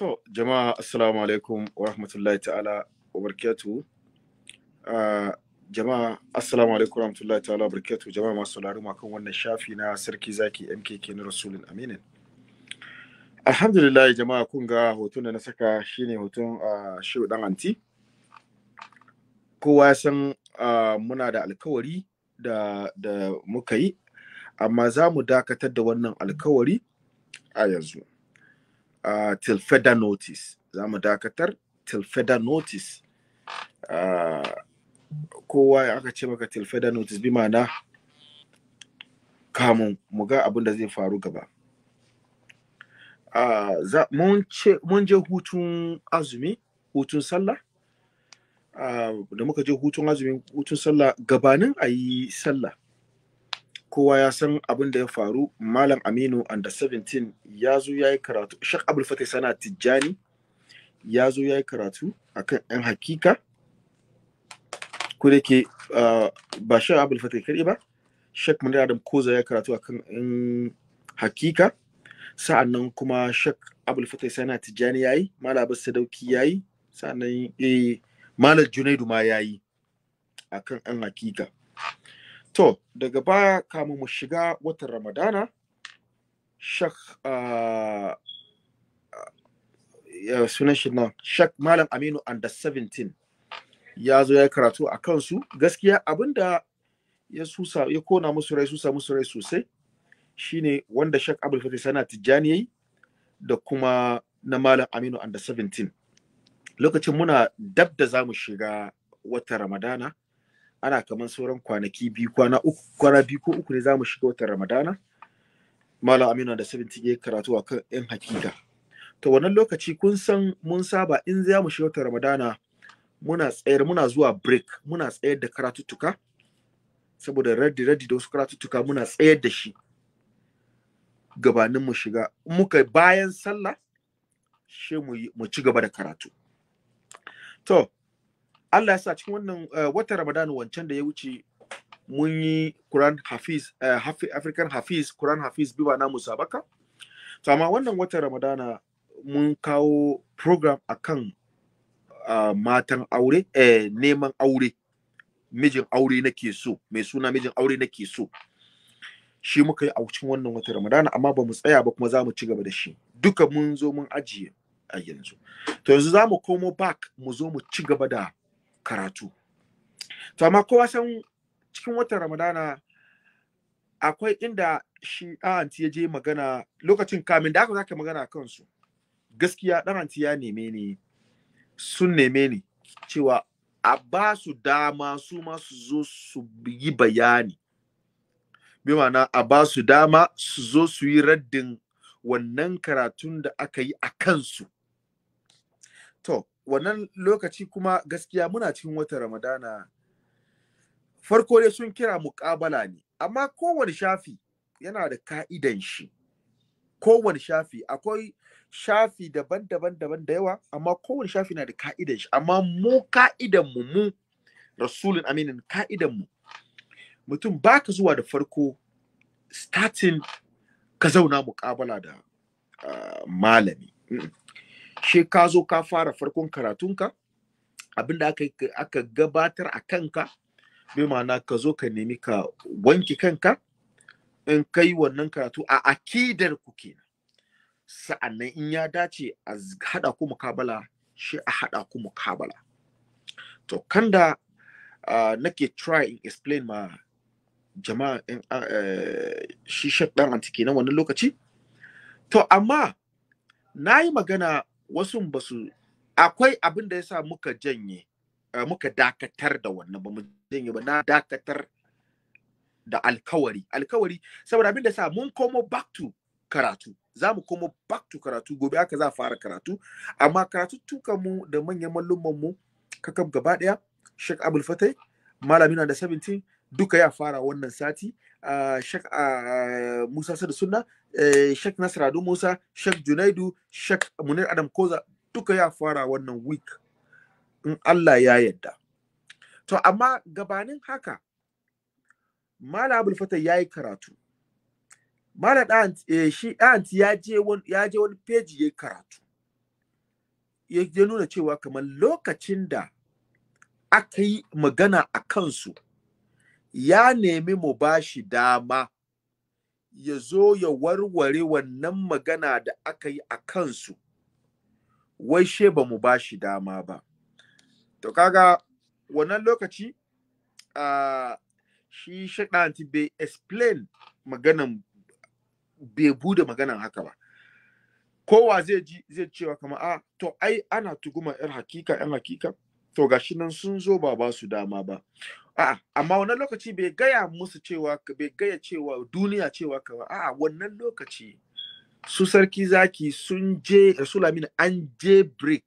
To, jama'a assalamu alaikum wa rahmatullahi ta'ala wa barkatu. Uh, jama'a assalamu alaikum wa rahmatullahi ta'ala wa barkatu. Jama'a masu laruma kan wannan shafi na sarki zaki MKK na Rasulun Aminin. Alhamdulillah jama'a kun ga hoton da na saka shine hoton uh, Shehu dan Anti. Kowa ya san uh, muna da alkawari da, da muka yi, amma za mu dakatar da wannan alkawari a yanzu. Ah, till further notice za mu dakatar till further notice uh, kowa aka ce maka till further notice bi ma'ana kamun mu ga abin da zai faru gaba ah, mun je hutun azumi hutun sallah da muka je hutun azumi hutun sallah gabanin a yi sallah kowa ya san abin da ya faru malam aminu under 17 ya zo ya yi karatu shak abul Fatai sana tijjani ya zo ya yi karatu akan yan hakika ko da ke ba shak abul Fatai kare ba shak munir adam koza ya karatu akan yan hakika nan kuma shak abul Fatai sana tijjani ya yi malam abu sadauki ya yi nan eh, malam junaidu ma ya yi akan yan hakika To, daga baya kamun mu shiga watan Ramadana, Shak ah, sunan shi na Shak Malam Aminu under 17 ya zo ya karatu a kansu. Gaskiya abinda ya susa ya kona musu rai susa musu rai sosai shine wanda Shak Abdul Fatih sana Tijjani yayi da kuma na Malam Aminu under 17. Lokacin muna dab da zamu shiga watan Ramadana. ana kaman sauran kwanaki biyu kwana uku kwana biyu ko uku ne zamu shiga watan ramadana malam aminu da sabin tige karatu a kan yan hakika to wannan lokaci kun san mun saba in za mu shiga watan ramadana muna tsayar muna zuwa break muna tsayar da karatuttuka saboda raddi raddi da wasu karatuttuka muna tsayar da shi gabanin mu shiga muka bayan sallah she mu ci gaba da karatu to Allah ya sa cikin wannan eh, watan Ramadan wancan da ya wuce mun yi Quran Hafiz eh, African Hafiz Quran Hafiz biwa na musabaka to amma wannan watan Ramadan mun kawo program akan matan aure eh, neman aure mijin aure nake so mai suna mijin aure nake so shi muka yi a cikin wannan watan Ramadan. amma ba mu tsaya ba kuma za mu ci gaba da shi duka mun zo mun ajiye a yanzu to yanzu za mu komo back mu zo mu ci gaba da karatu to amma kowa san cikin watan ramadana akwai inda shi anti ya je magana lokacin kamin da aka zaka magana kansu gaskiya ɗananti ya neme ni sun neme ni cewa a ba su dama su ma su zo su yi bayani bi ma'ana a ba su dama su zo su yi raddin wannan karatun da aka yi a kansu to wannan lokaci kuma gaskiya muna cikin wata ramadana farko dai sun kira muƙabala ne amma kowane shafi yana da ka'idan shi kowane shafi akwai shafi daban-daban daban da yawa amma kowane shafi na da ka'idan shi amma mu ka'idan mu mu rasulun aminin ka'idan mu mutum ba ka zuwa da farko starting ka zauna muƙabala da ah, malami she ka zo ka fara farkon karatunka abinda aka aka gabatar a kanka bai ma'ana ka zo ka nemi ka wanki kanka in kai wannan karatu a akidar ku kenan sa'annan in ya dace a haɗa ku mukabala shi a haɗa ku mukabala to kan da uh, nake try in explain ma jama'a in uh, uh, shi antiki na wannan lokaci to amma na yi magana wasu ba su akwai abin da yasa muka janye eh, muka dakatar da wannan ba mu janye ba na dakatar da alkawari alkawari saboda abin da sa mun komo back to karatu za mu komo back to karatu gobe aka za fara karatu amma karatu tuka mu da manyan mallumman mu kakam gaba daya Sheikh Abdul Fatai malami da 17 duka ya fara wannan sati shak musa sadu sunna e, shak nasir musa shak junaidu shak munir adam koza duka ya fara wannan week in allah ya yadda to amma gabanin haka mala abul fata ya yi karatu mala e, shi ya je wani feji ya karatu ya nuna cewa kamar lokacin da aka yi magana a kansu ya nemi mu ba shi dama ya zo ya warware wannan magana da aka yi a kansu wai she ba mu ba shi dama ba to kaga wannan lokaci shi shaɗanti bai explain maganan bai bude maganan haka ba kowa zai ji zai cewa kama a to ai ana tuguma yar hakika yan hakika to gashi nan sun zo ba ba su dama ba A'a, amma wannan lokaci bai gaya musu cewa bai gaya cewa duniya cewa ka ba. A'a, wannan lokaci su sarki zaki sun je eh, su an je break.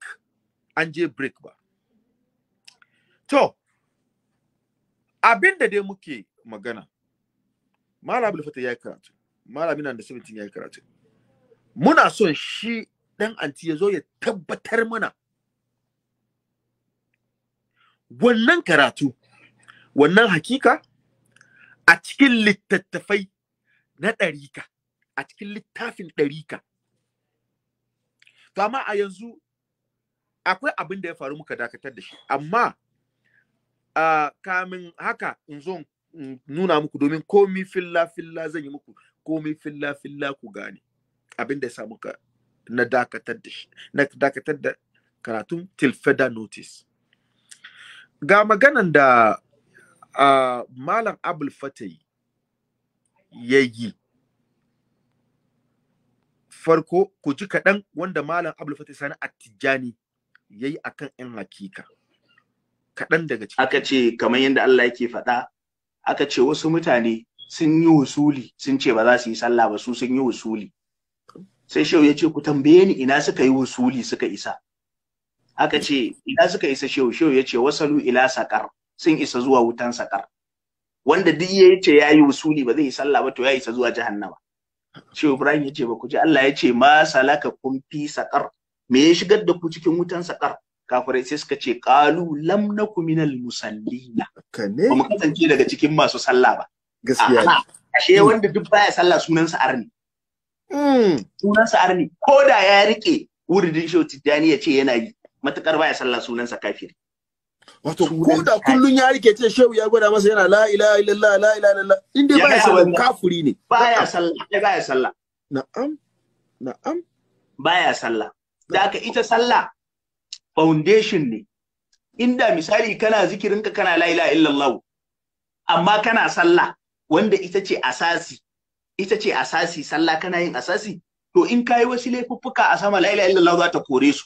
An je break ba. To, abin da dai muke magana. Malam Abdul ya yi karatu. Malam nan da Sibitin ya yi karatu. Muna son shi dan anti ya zo ya tabbatar mana wannan karatu wannan hakika a cikin littattafai na ɗarika a cikin littafin ɗarika kama a yanzu akwai abin da ya faru muka dakatar da shi amma uh, kamin haka in zo nuna muku domin komi filla filla zan yi muku komi filla filla ku gane abin da ya samu ka na dakatar da shi na dakatar da karatun till further notice ga maganan da malam abul fatai ya yi farko ku ji kaɗan wanda malam abul fatai sani a tijjani ya yi akan yan hakika kaɗan daga ciki aka ce kamar yadda Allah yake faɗa aka ce wasu mutane sun yi wusuli sun ce ba za su yi sallah ba su sun yi wusuli sai shehu ya ce ku tambaye ni ina suka yi wusuli suka isa aka ce ina suka isa shehu shehu ya ce wasalu ila saƙar sun isa zuwa wutan sakar wanda duk ya ce ya yi wusuli ba zai yi sallah ba to ya isa zuwa jahannama shi ibrahim ya ce ba ku ji Allah ya ce ma salaka kun fi sakar me ya shigar da ku cikin wutan sakar kafirai sai suka ce qalu lam naku minal musallina ba mu kasance daga cikin masu sallah ba gaskiya ashe wanda duk baya sallah sunansa arni hmm. sunansa arni ko da ya rike wuridin shauti dani ya ce yana yi matukar baya sallah sunansa kafiri wato ko da kullun ya rike ce shehu ya gwada masa yana la ilaha illallah la ilaha illallah in dai baya sallah kafuri ne Ya sallah salla. sallah na'am na'am baya sallah da aka ita sallah foundation ne inda misali kana zikirin ka kana la ilaha illallah amma kana sallah wanda ita ce asasi ita ce asasi sallah kana yin asasi to in kayi wasu laifuffuka a sama la ilaha illallah za ta kore su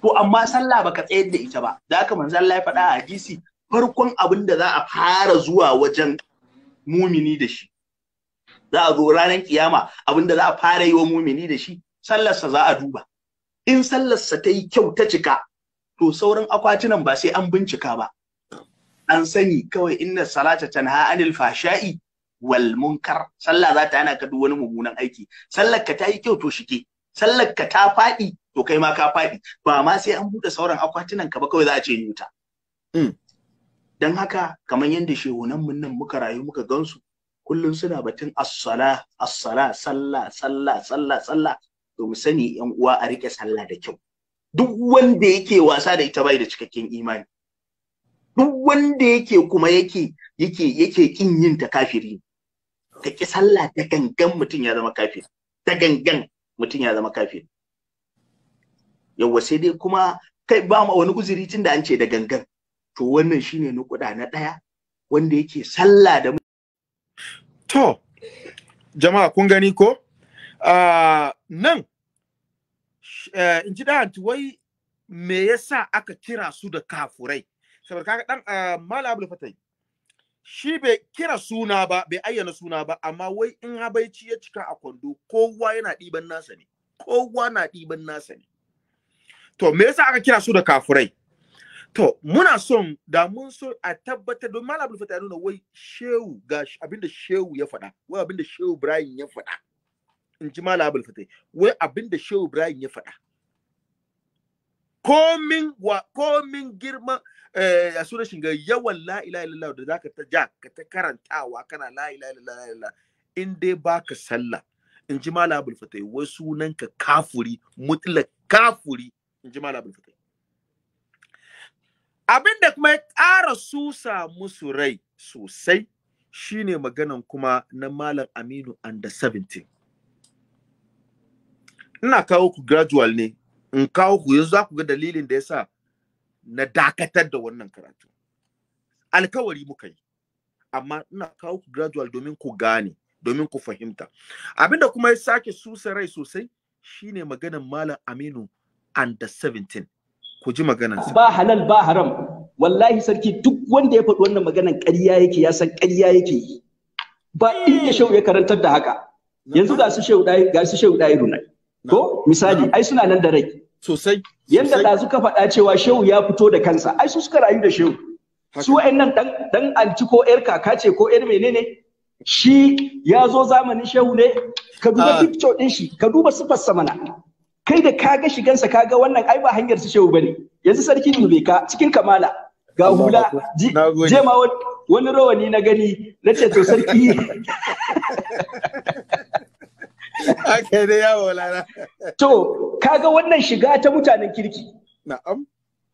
to amma sallah baka tsayar da ita ba da haka manzo Allah ya faɗa a hadisi farkon abin da za a fara zuwa wajen mumini da shi za a zo ranar kiyama abin da za a fara yi wa mumini da shi sallarsa za a duba in sallarsa ta yi kyau ta cika to sauran akwatunan ba sai an bincika ba an sani kawai inna salata tanha anil fashai wal munkar sallah za ta hana ka duk wani mummunan aiki sallar ka ta yi kyau to shike sallar ka ta faɗi to kai ma ka faɗi ba ma sai an buɗe sauran akwatunan ka ba kawai za a ce ni wuta hmm. dan haka kamar yadda shehunan mun nan muka rayu muka gansu kullum suna batun as-sala sallah sallah sallah sallah to mu sani yan uwa a rike sallah da kyau duk wanda yake wasa da ita bai da cikakken imani duk wanda yake kuma yake yake yake kin yin ta kafiri ka ki sallah ta gangan mutum ya zama kafiri ta gangan mutum ya zama kafiri yawwa sai dai kuma kai ba mu wani uzuri tun da an ce da gangan to wannan shine nukuda na ɗaya wanda yake sallah da to jama'a kun gani ko uh, nan uh, in ji wai me yasa aka kira su da kafurai saboda kaga dan uh, eh, mala abul fatai shi bai kira suna ba bai ayyana suna ba amma wai in habaici ya cika a kwando kowa yana ɗiban nasa ne kowa na ɗiban nasa ne to me yasa aka kira su da kafurai to muna son da mun so a tabbatar don malam abdul ya nuna wai shehu ga abinda shehu ya faɗa wai abinda shehu ibrahim ya faɗa in ji malam abdul wai abinda shehu ibrahim ya faɗa komin wa komin girma eh a sunan ga yawan la ilaha illallah da zaka ta ja ka ta karantawa kana la ilaha illallah in dai baka sallah in ji malam abdul fatah wai sunanka kafuri mutlak kafuri in ji malamin abulfatai abin da kuma ya ƙara susa musu rai sosai shine maganan kuma na malam aminu under 17 ina kawo ku gradual ne in kawo ku yanzu za ku ga dalilin da ya sa na dakatar da wannan karatu alkawari muka yi amma ina kawo ku gradual domin ku gane domin ku fahimta abinda kuma ya sake susa rai sosai shine maganan malam aminu and the 17 ku ji ba halal ba haram wallahi sarki duk wanda ya faɗi wannan maganar ƙarya yake ya san ƙarya yake yi ba inda shehu ya karantar da haka yanzu ga su shehu dai ga su shehu dai runa ko misali ai suna nan da rai sosai yanda da suka faɗa cewa shehu ya fito da kansa ai su suka rayu da shehu su wa'annan dan dan anti ko yar kaka ce ko yar menene shi ya zo zamanin shehu ne ka duba ah. picture din shi ka duba sifarsa mana kai da ka ga shigansa ka ga wannan ai ba hanyar su shehu bane yanzu sarki dube ka cikin kamala ga hula je ma wani rawani na gani na ce to sarki Ake dai yawo lana. To, ga wannan shiga ta mutanen kirki. Na'am.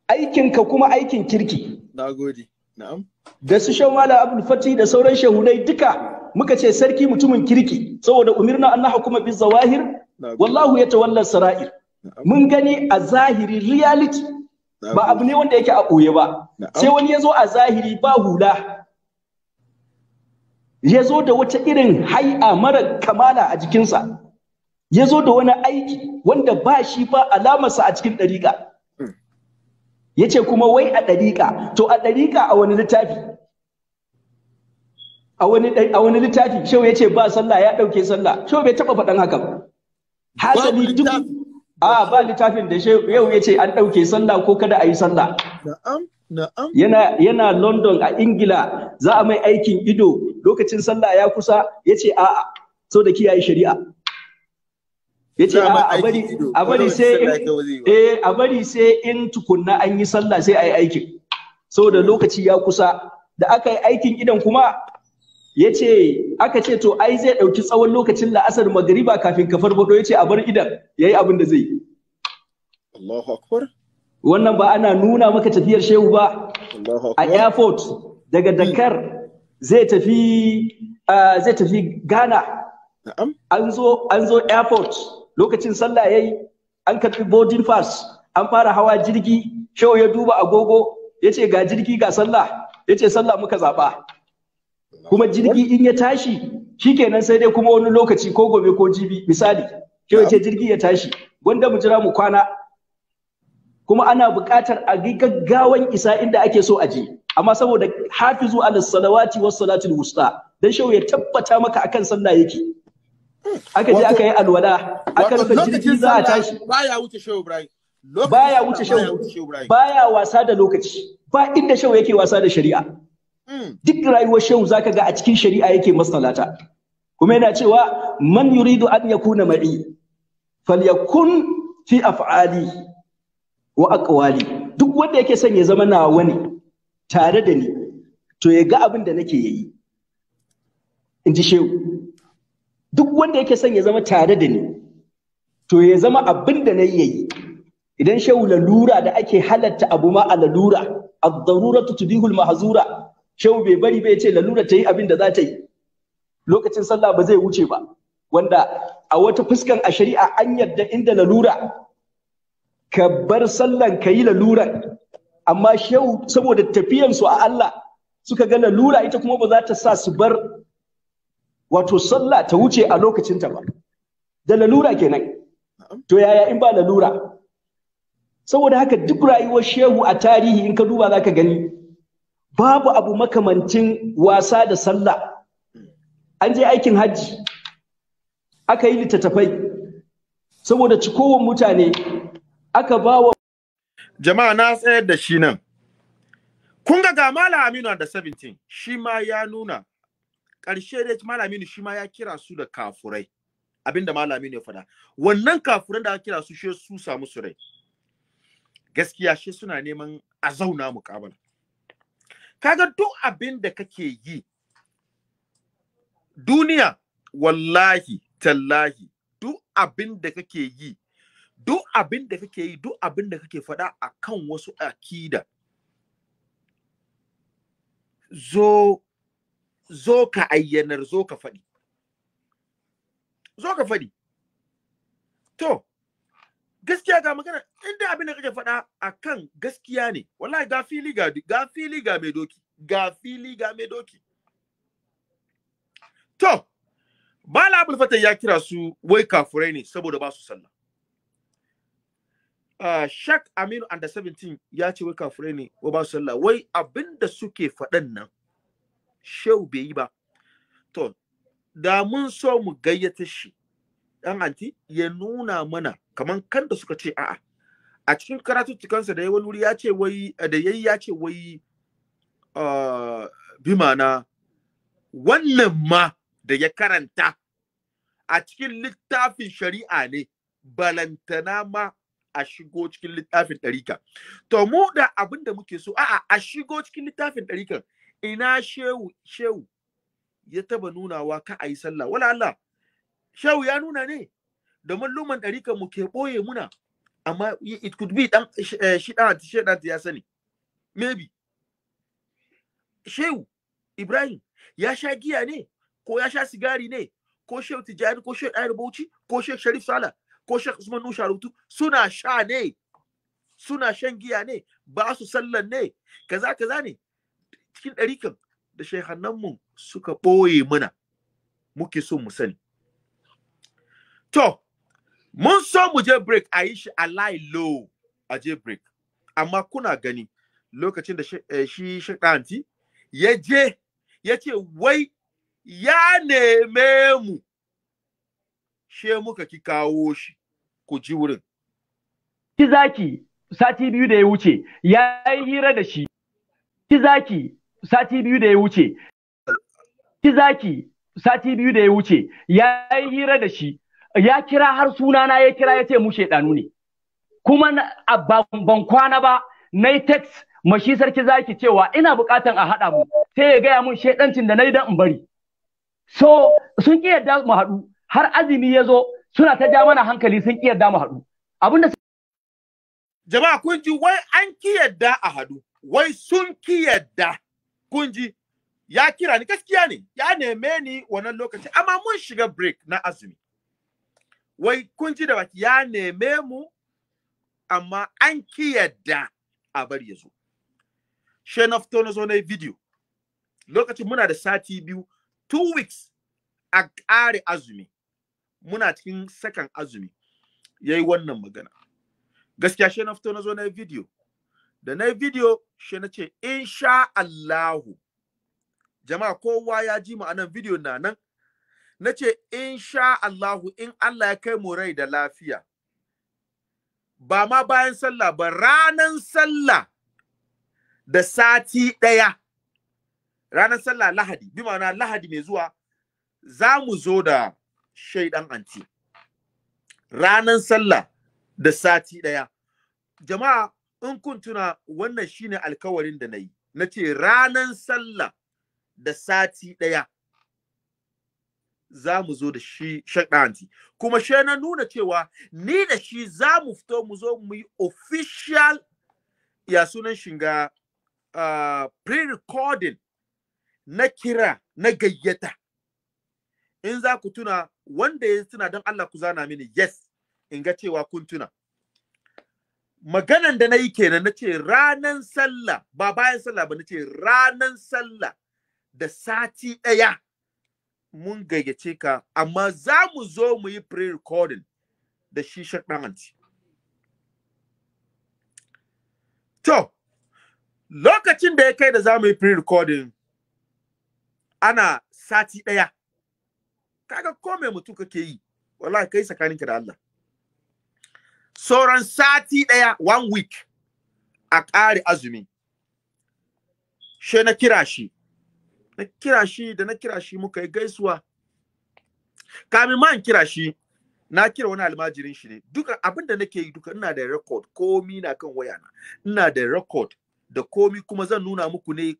Aikinka kuma aikin kirki. Na gode. Na'am. Da su shan mala Abdul Fati da sauran shehunai duka muka ce sarki mutumin kirki saboda umirna Allah hukuma bi zawahir wallahu ya tawalla sara'ir mun gani a zahiri reality ba abu ne wanda yake a ɓoye ba sai wani ya zo a zahiri ba hula ya zo da wata irin hai'a mara kamala a jikinsa ya zo da wani aiki wanda ba shi ba alamarsa a cikin ɗariƙa hmm. ya ce kuma wai a ɗariƙa to a ɗariƙa a wani littafi a wani littafi shehu ya ce ba sallah ya ɗauke sallah shehu bai taɓa faɗan haka ba hasali duk a ba littafin da yau ya ce an ɗauke sallah ko kada a yi sallah yana yana london a ingila za a mai aikin ido lokacin sallah ya kusa ya ce a'a so da kiyaye shari'a ya ce a bari sai in eh, a bari sai in tukunna an yi sallah sai a yi aikin so da lokaci ya kusa da aka yi aikin idan kuma ya ce aka ce to ai zai ɗauki tsawon lokacin la'asar magariba kafin ka farfado ya ce a bar idan ya yi abin da zai Allahu akbar wannan ba ana nuna maka tafiyar shehu ba a airport daga dakar zai tafi zai tafi ghana an zo an zo airport lokacin sallah yayi an karbi boarding pass an fara hawa jirgi shehu ya duba agogo ya ce ga jirgi ga sallah ya ce sallah muka zaɓa kuma jirgi in ya tashi shikenan sai dai kuma wani lokaci ko gobe ko jibi misali ke ce jirgi ya tashi wanda mu jira mu kwana kuma ana buƙatar a gaggawan isa inda ake so a je amma saboda hafizu ala salawati was salatul wusta dan shau ya tabbata maka akan sallah yake aka je aka yi alwala aka rufe jirgi za a tashi baya wuce shau ibrahim baya wuce shau baya wasa da lokaci ba inda shau yake wasa da shari'a duk rayuwar shehu zaka ga a cikin shari'a yake masalata kuma yana cewa man yuridu an yakuna ma'i falyakun fi af'ali wa aqwali duk wanda yake son ya zama nawa ne tare da ni to ya ga abin da nake yi in ji shehu duk wanda yake son ya zama tare da ni to ya zama abin da na yi idan shehu lalura da ake halatta abu ma a lalura ad-daruratu tudihul mahzura shehu bai bari bai ce lalura ta yi abin da za ta yi lokacin sallah ba zai wuce ba wanda a wata fuskan a shari'a an yarda inda lalura ka bar sallan ka yi laluran amma shehu saboda tafiyansu a Allah suka ga lalura ita kuma ba za ta sa su bar wato sallah ta wuce a lokacinta ba da lalura kenan to yaya in ba lalura saboda haka duk rayuwar shehu a tarihi in ka duba za ka gani babu abu makamancin wasa da sallah an je aikin hajji aka yi littattafai saboda cikowar mutane aka ba wa jama'a na tsayar da shi nan kun ga ga malam aminu da 17 shi ma ya nuna ƙarshe dai malam aminu shi ma ya kira su da kafurai abinda malam aminu ya faɗa wannan kafuran da aka kira su shi su samu su rai gaskiya shi suna neman a zauna kabala kaga duk abin da kake yi duniya wallahi tallahi duk abin da kake yi duk abin da kake yi duk abin da kake faɗa a kan wasu akida zo zo ka ayyanar zo ka faɗi zo ka faɗi to gaskiya ga magana inda abin da kake faɗa akan gaskiya ne wallahi ga fili ga ga fili ga mai doki ga fili ga mai doki to Mala Abul Fatah ya kira su wai kafurai ne saboda ba su sallah. Uh, ah, Shak Aminu under 17 ya ce wai kafurai ne wa ba su sallah wai abin da suke faɗan nan shehu bai yi ba. To da mun so mu gayyata shi ɗan anti ya nuna mana kaman kanta suka ce a'a a cikin karatuttukansa da ya wani wuri ya ce wai da yayi ya ce wai ah, bi mana wannan ma da ya karanta a cikin littafin shari'a ne balantana ma a shigo cikin littafin ɗarika. To mu da abin da muke so, a'a a shigo cikin littafin ɗarikan ina shehu shehu ya taba nunawa ka a yi sallah. Wala Allah, shehu ya nuna ne, domin luman ɗarikan mu ke ɓoye muna amma it could be ɗan eh, shi ɗan shi ɗan ya sani maybe shehu ibrahim ya sha giya ne ko ya sha sigari ne ko shehu tijjani ko shehu ɗayar bauchi ko shehu sharif sala ko shehu usman Sharutu? sharutu suna sha ne suna shan giya ne ba su sallan ne kaza kaza ne cikin ɗarikan da shehannanmu suka ɓoye muna muke so mu sani to mun so mu je break a yi shi a lie low a je break amma kuna gani lokacin da shi eh, shaɗanti ya je ya ce wai ya neme mu she muka ki kawo shi ku ji wurin ki zaki sati biyu da ya wuce ya hira da shi ki zaki sati biyu da ya wuce ki zaki sati biyu da ya wuce ya yi hira da shi ya kira har sunana ya kira ya ce mu shaidanu ne kuma ban kwana ba na yi text mashi sarki zaki cewa ina bukatan a haɗa mu sai ya gaya mun shaidancin da na yi dan in bari so sun ki yarda mu haɗu har azumi ya zo suna ta ja mana hankali sun ki yarda mu haɗu abinda jama'a kun ji wai an ki yarda a haɗu wai sun ki yarda kun ji ya kira ni gaskiya ne ya neme ni wannan lokaci amma mun shiga break na azumi wai kun ji da baki ya neme mu amma an ki yadda a bar ya zo she na fito na zo na video lokacin muna da sati biyu two weeks a ƙare azumi muna cikin sakan azumi Ya yi wannan magana gaskiya she na fito na zo na video da na video she na ce insha Allahu jama'a kowa ya ji ma'anan video na nan na ce sha Allahu in Allah ya kai mu rai da lafiya ba ma bayan sallah ba ranan sallah da sati ɗaya Ranan sallah lahadi bi ma'ana lahadi mai zuwa za mu zo da shaidan anti ranan sallah da sati ɗaya jama'a in kun tuna wannan shine alkawarin da na yi na ce ranan sallah da sati ɗaya za mu zo da shi shaɗanti kuma she na nuna cewa ni da shi za mu fito mu zo mu yi official ya sunan shiga uh, pre-recording na kira na gayyata in za ku tuna wanda ya tuna don Allah ku zana mini yes in ga cewa kun tuna maganan da na yi kenan na ce ranan sallah ba bayan sallah ba na ce ranan sallah da sati ɗaya mun gayyace ka amma za mu zo mu yi pre-recording da shi shaɗanci. To, lokacin da ya kai da za mu yi pre-recording ana sati ɗaya. Kaga ko mai mutum kake yi, wallahi kai ka da Allah. Sauran sati ɗaya, one week, a ƙare azumi. She na kira shi, na kira shi da na kira shi muka yi gaisuwa kamin ma in kira shi na kira wani almajirin shi ne duka abin da nake yi duka ina da record komi na kan waya na ina da record da komi kuma zan nuna muku ne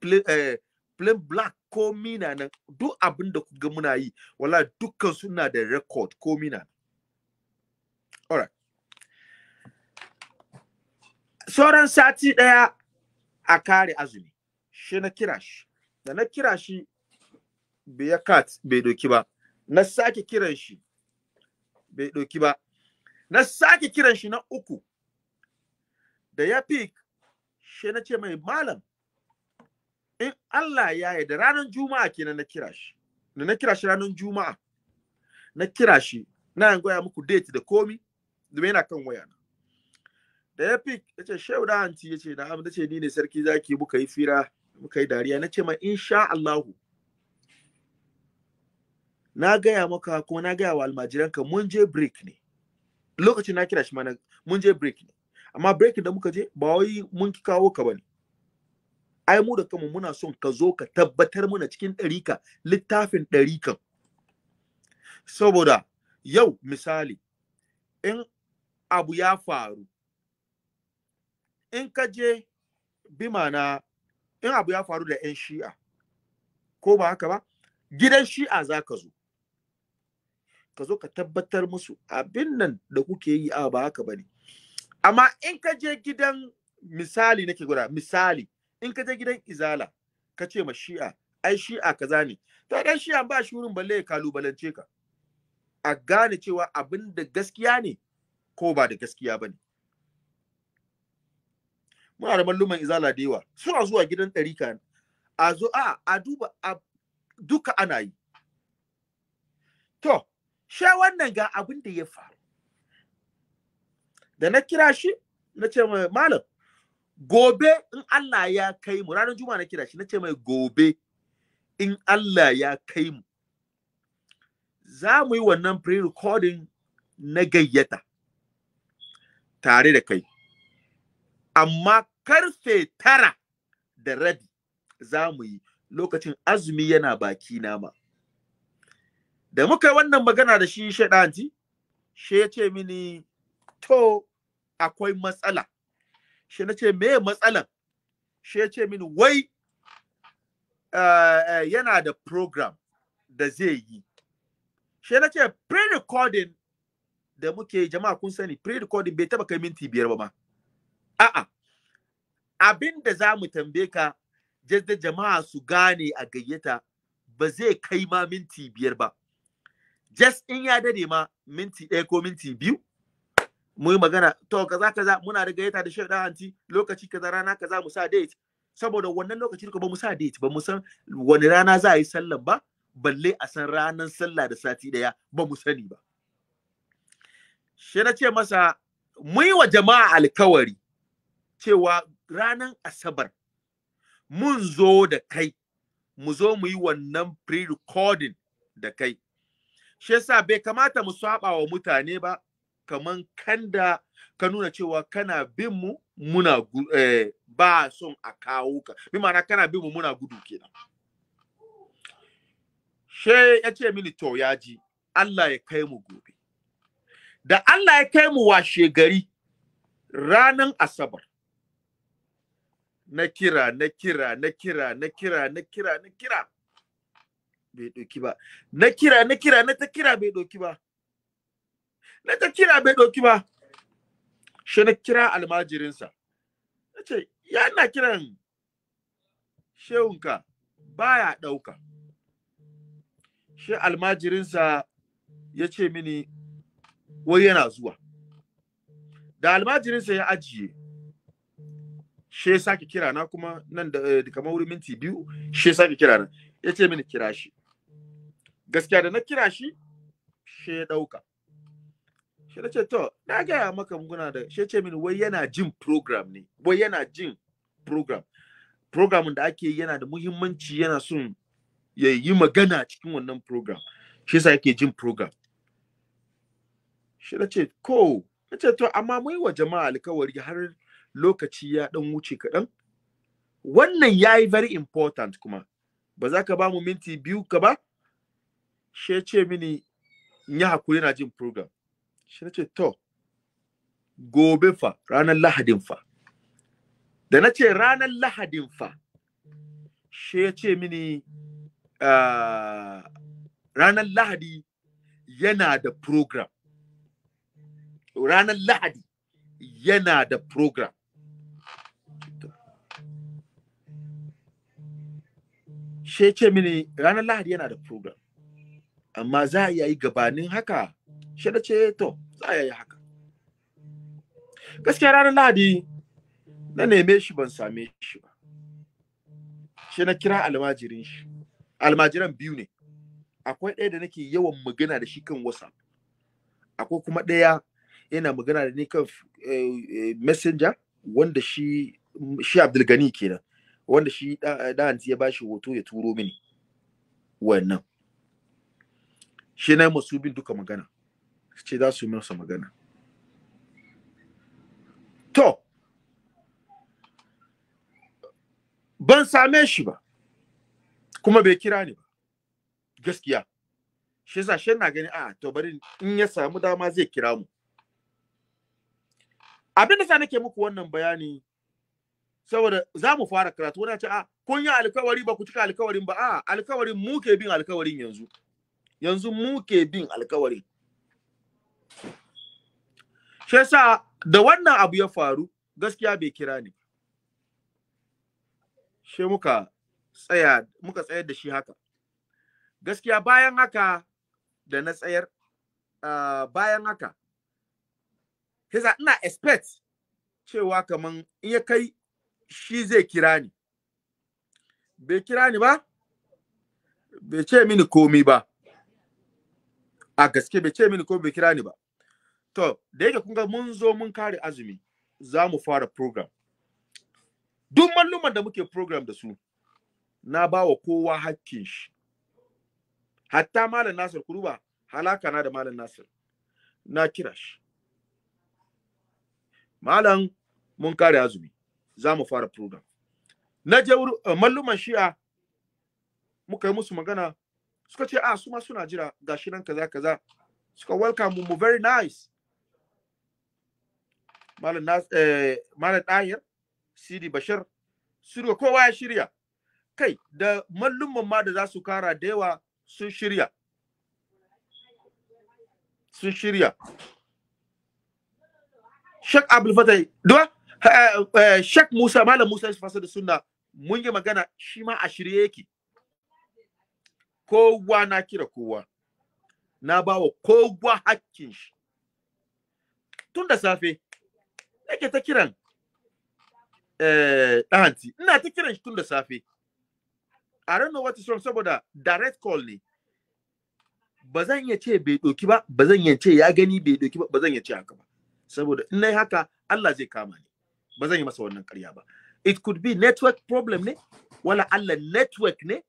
plain eh, black komi na nan duk abin da kuga muna yi wala dukkan suna da record komi na sauran sati daya a kare azumi shi na kira shi da na kira shi bai kat bai doki ba na sake kiran shi bai doki ba na sake kiran shi na uku da ya pick shi na ce mai malam in Allah ya yi da ranar juma'a kenan na kira shi da na kira shi ranar juma'a na kira shi na yan goya muku date da komi domin yana kan waya da ya pick ya ce shehu da ya ce na ce ni ne sarki zaki muka yi fira muka yi dariya na ce ma insha Allahu na gaya maka kuma na gaya wa almajiranka mun je break ne lokacin na kira shi ma mun je break ne amma break da muka je ba wai mun kawo ka bane ai mu da kanmu muna son ka zo ka tabbatar mana cikin ɗarika littafin ɗarikan saboda yau misali in abu ya faru in ka je bi na. in abu ya faru da 'yan shi'a ko ba haka ba gidan shi'a za ka zo ka zo ka tabbatar musu abin nan da kuke yi a ba haka ba ne amma in ka je gidan misali nake gura misali in ka je gidan izala ka ce ma shi'a ai shi'a kaza ne to dan shi'a ba shi wurin balle ya kalubalance ka a gane cewa abin da gaskiya ne ko ba da gaskiya ba ne muna da malluman izala da yawa suna zuwa gidan ɗarika a zo a a duba a duka ana yi to sha wannan ga abin da ya faru da na kira shi na ce mai malam gobe in Allah ya kai mu ranar juma'a na kira shi na ce mai gobe in Allah ya kai mu za mu yi wannan pre-recording na gayyata tare da kai amma karfe tara da rabi za mu yi lokacin azumi yana baki nama da muka yi wannan magana da shi shaɗanti shi ya ce mini to akwai matsala shi na ce me matsalan shi ya ce mini wai eh, eh, yana da program da zai yi shi na ce pre-recording da muke jama'a kun sani pre-recording bai taba kai minti biyar ba ma A'a, abin da za mu tambaye ka jadda jama'a su gane a gayyata ba zai kai ma minti biyar ba. Just in ya dade ma minti ɗaya ko minti biyu, mu yi magana, to kaza kaza muna da gayyata da shaidan hanci lokaci kaza rana kaza mu sa date. Saboda wannan lokaci ba mu sa date ba mu san wani rana za a yi sallan ba, balle a san ranar sallah da sati ɗaya ba mu sani ba. Shi na ce masa, mu yi wa jama'a alkawari. cewa ranan asabar mun zo da kai mu zo mu yi wannan pre-recording da kai shi yasa bai kamata mu saba wa mutane ba kaman kanda ka nuna cewa kana bin mu muna eh, ba son a kawo ka bi ma'ana kana bin mu muna gudu kenan she ya ce mini to ya ji Allah ya kai mu gobe da Allah ya kai mu washe gari ranan asabar na kira na kira na kira na kira na kira na kira bai doki ba na kira na kira na ta kira bai doki ba na ta kira bai doki ba shi na kira almajirinsa na ce ya na kiran shehunka baya ɗauka shi almajirinsa ya ce mini wai yana zuwa da almajirinsa ya ajiye she sake kira na kuma nan da eh, kamar wuri minti biyu she sake kira na ya ce mini kira shi gaskiya da na kira shi she ya ɗauka she ce to na gaya maka muguna da she ce mini wai yana jin program ne wai yana jin program program da ake yana da muhimmanci yana son ya yi magana cikin wannan program shi sa yake jin program shi da ce ko ce to amma mu yi wa jama'a alkawari har lokaci ya ɗan wuce kaɗan wannan ya yi very important kuma ba za ka ba mu minti biyu ka ba shi ce mini in yi hakuri na jin program shi ce to gobe fa ranar lahadin fa da na ce ranar lahadin fa shi ya ce mini uh, ranar lahadi yana da program ranar lahadi yana da program she ce mini ranar lahadi yana da program amma za a yi gabanin haka she da ce to za a yi haka gaskiya ranar lahadi na neme shi ban same shi ba she na kira almajirin shi almajiran biyu ne akwai ɗaya da nake yawan magana da shi kan whatsapp akwai kuma ɗaya yana magana da ni kan eh, eh, messenger wanda shi shi abdulgani kenan wanda shi da ya ba shi hoto ya turo mini wannan shi na masu bin duka magana ce za su yi masa magana to ban same shi ba kuma bai kira ni ba gaskiya shi za shi na gani a to bari in ya samu dama zai kira mu abin da sa nake muku wannan bayani saboda za mu fara karatu wani ce a ah, kun yi alkawari ba ku cika alkawarin ba a ah, alkawarin mu ke bin alkawarin yanzu yanzu mu ke bin alkawari shi yasa da wannan abu ya faru gaskiya bai kira ni shi muka tsaya muka tsayar da shi haka gaskiya bayan haka da na tsayar ah, bayan haka Hiza ina expect cewa kaman in ya kai shi zai kira ni bai kira ni ba bai ce mini komi ba a gaske bai ce mini komi bai kira ni ba to da yake kun ga mun zo mun kare azumi za mu fara program duk malluman da muke program da su na ba wa kowa hakkin shi hatta malam nasir kuruba halaka na da malam nasir na kira shi malam mun kare azumi za mu fara program na je eh, malluman shi'a muka yi musu magana suka ce a ah, su ma suna jira gashi nan kaza kaza suka welcome mu very nice malam nas eh sidi bashir shirya kowa ya shirya kai da malluman ma da za su kara da yawa sun shirya sun shirya Sheikh Abdul Fatai, duwa Eh, eh, Shek Musa Malam Musa Fasa da Sunna mun yi magana shi ma a shirye yake. Kowa na kira kowa. Na ba wa kowa hakkin shi. Tun da safe nake ta kiran eh ɗahanti. Ina ta kiran shi tun da safe. I don't know what is wrong saboda direct call ne. Ba zan iya ce bai ɗoki ba, ba zan iya ce ya gani bai ɗoki ba, ba zan iya ce haka ba. Saboda in haka Allah zai kama ni. ba zan yi masa wannan ƙarya ba it could be network problem ne wala Allah network ne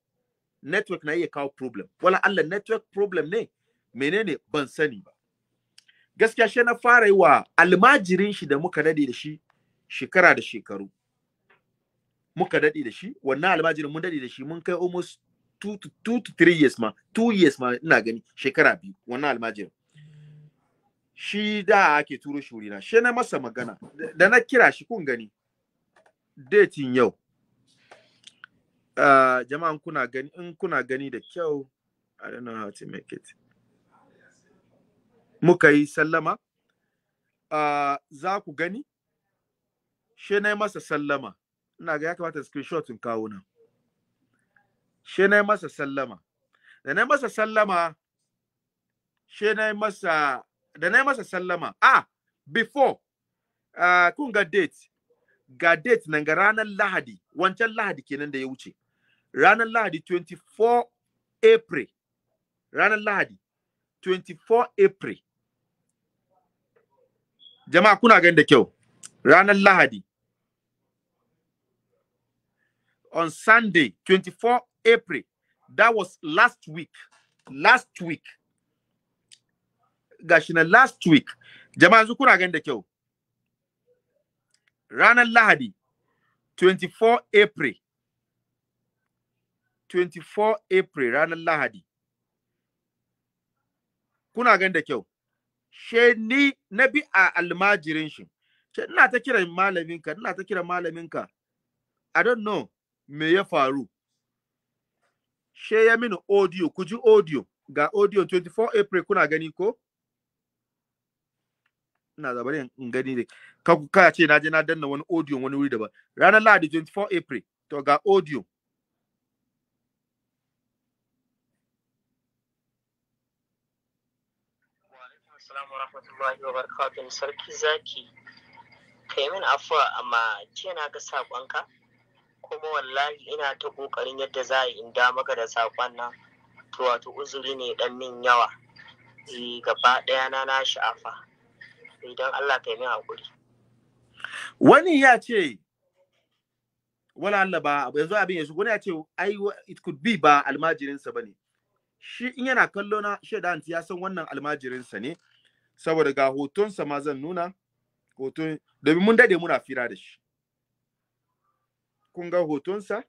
network na iya kawo problem wala Allah network problem ne menene ban sani ba gaskiya shi na fara yi wa almajirin shi da muka dade da shi shekara da shekaru muka dade da shi wannan almajirin mun dade da shi mun kai almost 2 to 3 years ma 2 years ma ina gani shekara biyu wannan almajirin shi da ake turo shi wurina shi na masa magana da na kira shi kun gani datin yau uh, ah, jama'an kuna gani in kuna gani da kyau i don't know how to make it muka yi sallama uh, za ku gani shi na masa sallama ina ga ya kamata screenshot in kawo nan shi na masa sallama da na masa sallama shi na masa da na masa sallama ah before uh, kun ga date ga date nan ga ranar lahadi wancan lahadi kenan da ya wuce ranar lahadi 24 april ranar lahadi 24 april jama'a kuna gani da kyau ranar lahadi on sunday 24 april that was last week last week gashi na last week jama'a yanzu kuna gan da kyau ranar lahadi 24 april 24 april ranar lahadi kuna gan da kyau she ni na bi a almajirin shi she ina ta kiran malaminka ina ta kiran malaminka i don't know me ya faru she ya mini audio ku ji audio ga audio 24 april kuna gani ko ina da bari in gani ne ka kaya ce na je na danna wani audio wani wuri daban ranar Lahadi 24 April to ga audio Assalamu rahmatullahi wa barakatun sarki zaki kai min afuwa amma jiya na ga saƙonka kuma wallahi ina ta ƙoƙarin yadda za in da maka da saƙon nan to wato uzuri ne dan min yawa eh, gaba ɗaya na na sha'afa idan Allah ta yi min hakuri wani ya ce wala Allah ba yanzu abin ya shigo wani ya ce ai it could be ba almajirinsa ba ne, shi in yana kallo na shaidan ya san wannan almajirinsa ne saboda ga hotonsa ma zan nuna hoton domin mun dade muna fira da shi kun ga hotonsa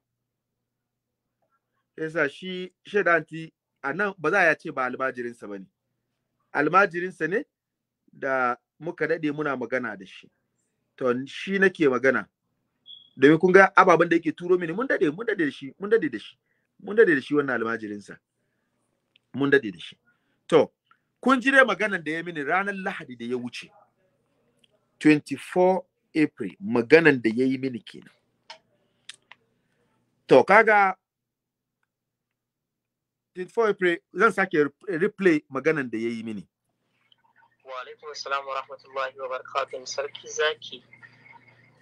yasa shi shaidan a nan ba za a ya ce ba almajirinsa ba ne almajirinsa ne da muka daɗe muna magana da shi to shi nake magana domin kun ga ababen da yake turo mini mun daɗe mun daɗe da shi mun daɗe da shi mun daɗe da shi wannan almajirinsa mun daɗe da shi to kun ji dai maganan da ya mini ranar lahadi da ya wuce 24 april maganan da ya yi mini kenan to kaga 24 april zan sake replay maganan da ya yi mini wa alaikum assalam wa rahmatullahi wa barakatun sarki zaki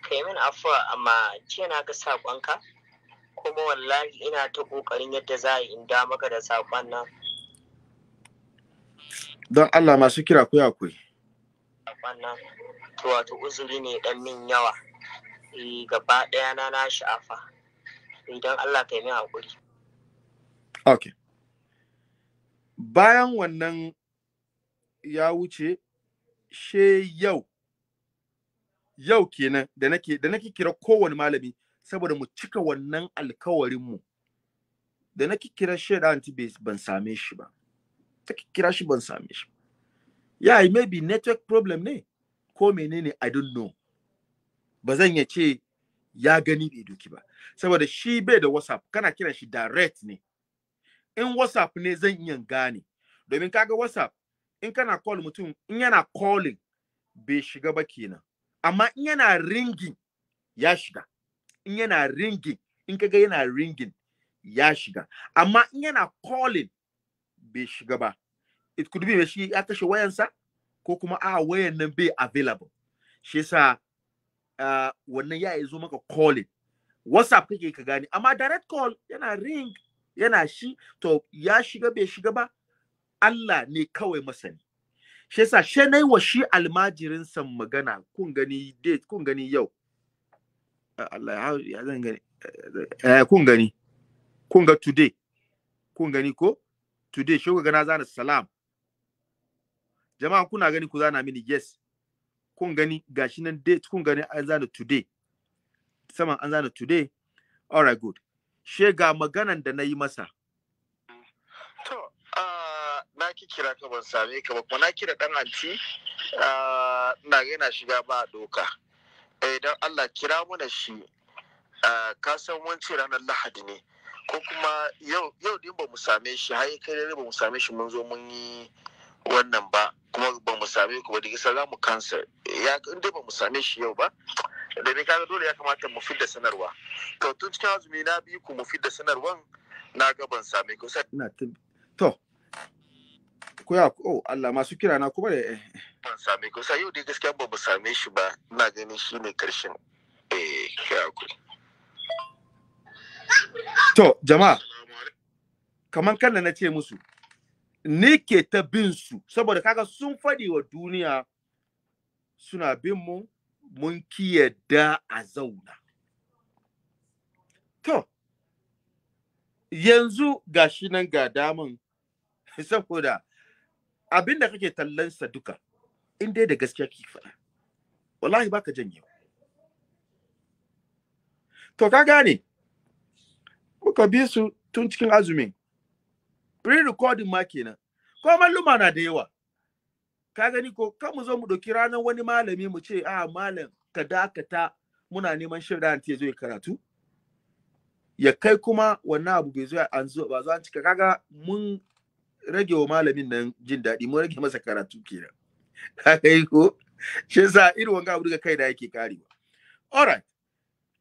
kai min afuwa amma jiya na ga saƙonka kuma wallahi ina ta ƙoƙarin yadda za a in da maka da saƙon nan don Allah masu kira ku ya kuyi saƙon nan to wato uzuri ne dan min yawa e, gaba ɗaya na na sha'afa idan e, Allah kai min haƙuri okay bayan wannan ya wuce she yau yau kenan da nake da nake kira kowane malami saboda mu cika wannan alkawarin mu da nake kira she da anti ban same shi ba ta kira shi ban same shi ya yeah, maybe network problem ne ko menene i don't know ba zan ya ce ya gani bai doki ba saboda shi bai da whatsapp kana kira shi direct ne in whatsapp ne zan iya gane domin kaga whatsapp in kana call mutum in yana calling bai shiga ba kenan amma in yana ringing ya shiga in yana ringing in kaga yana ringing ya shiga amma in yana calling bai shiga ba it could be shi ya kashe wayansa ko kuma a wayan nan bai available shi yasa wannan ya zo maka calling whatsapp kake ka gani, amma direct call yana ring yana shi to ya shiga bai shiga ba Allah ne kawai masani shi yasa she nayi wa shi almajirin san magana kun gani date kun gani yau eh, Allah ya zan gani eh, eh kun gani kun ga today kun gani ko today shi ga na zana salam jama'a kuna gani ku zana mini yes kun gani gashi nan date kun gani an zana today saman an zana today all right good she ga maganan da na yi masa kira ka ban same ka ba kuma na kira dan anti ina ga yana shiga ba doka idan eh, Allah kira mana shi ka san wance ranar Lahadi ne ko kuma yau din ba mu same shi har kai dai ba mu same shi mun zo mun yi wannan ba kuma ba mu same ku ba da za mu kansa ya inda ba mu same shi yau ba da ne kaga dole ya kamata mu fidda sanarwa to tun cikin azumi na biyu ku mu fidda sanarwan na ga ban same ku sai to ko ya oh Allah masu kira na kuma da eh, eh. ban same ko sai yau dai gaskiya ba mu same shi ba ina ganin shi ne karshen eh ya ku to jama'a kaman kallon na ce musu ni ke ta bin su saboda kaga sun faɗi wa duniya suna bin mu mun da a zauna to yanzu gashi nan ga daman saboda abin da kake sa duka in dai da gaskiya kike faɗa wallahi baka janye to ka gane muka bi su tun cikin azumin pre-recording ma kenan ko malluma na da yawa ka gani ko kan mu zo mu ɗauki ranar wani malami mu ce a ah, malam ka dakata muna neman shin ran ya zo ya karatu ya kai kuma wannan abu bai zo an zo ba za cika kaga mun rage wa malamin nan jin daɗi mu rage masa karatu kenan haka yi ko shi yasa irin wanga abu daga kai da yake karewa alright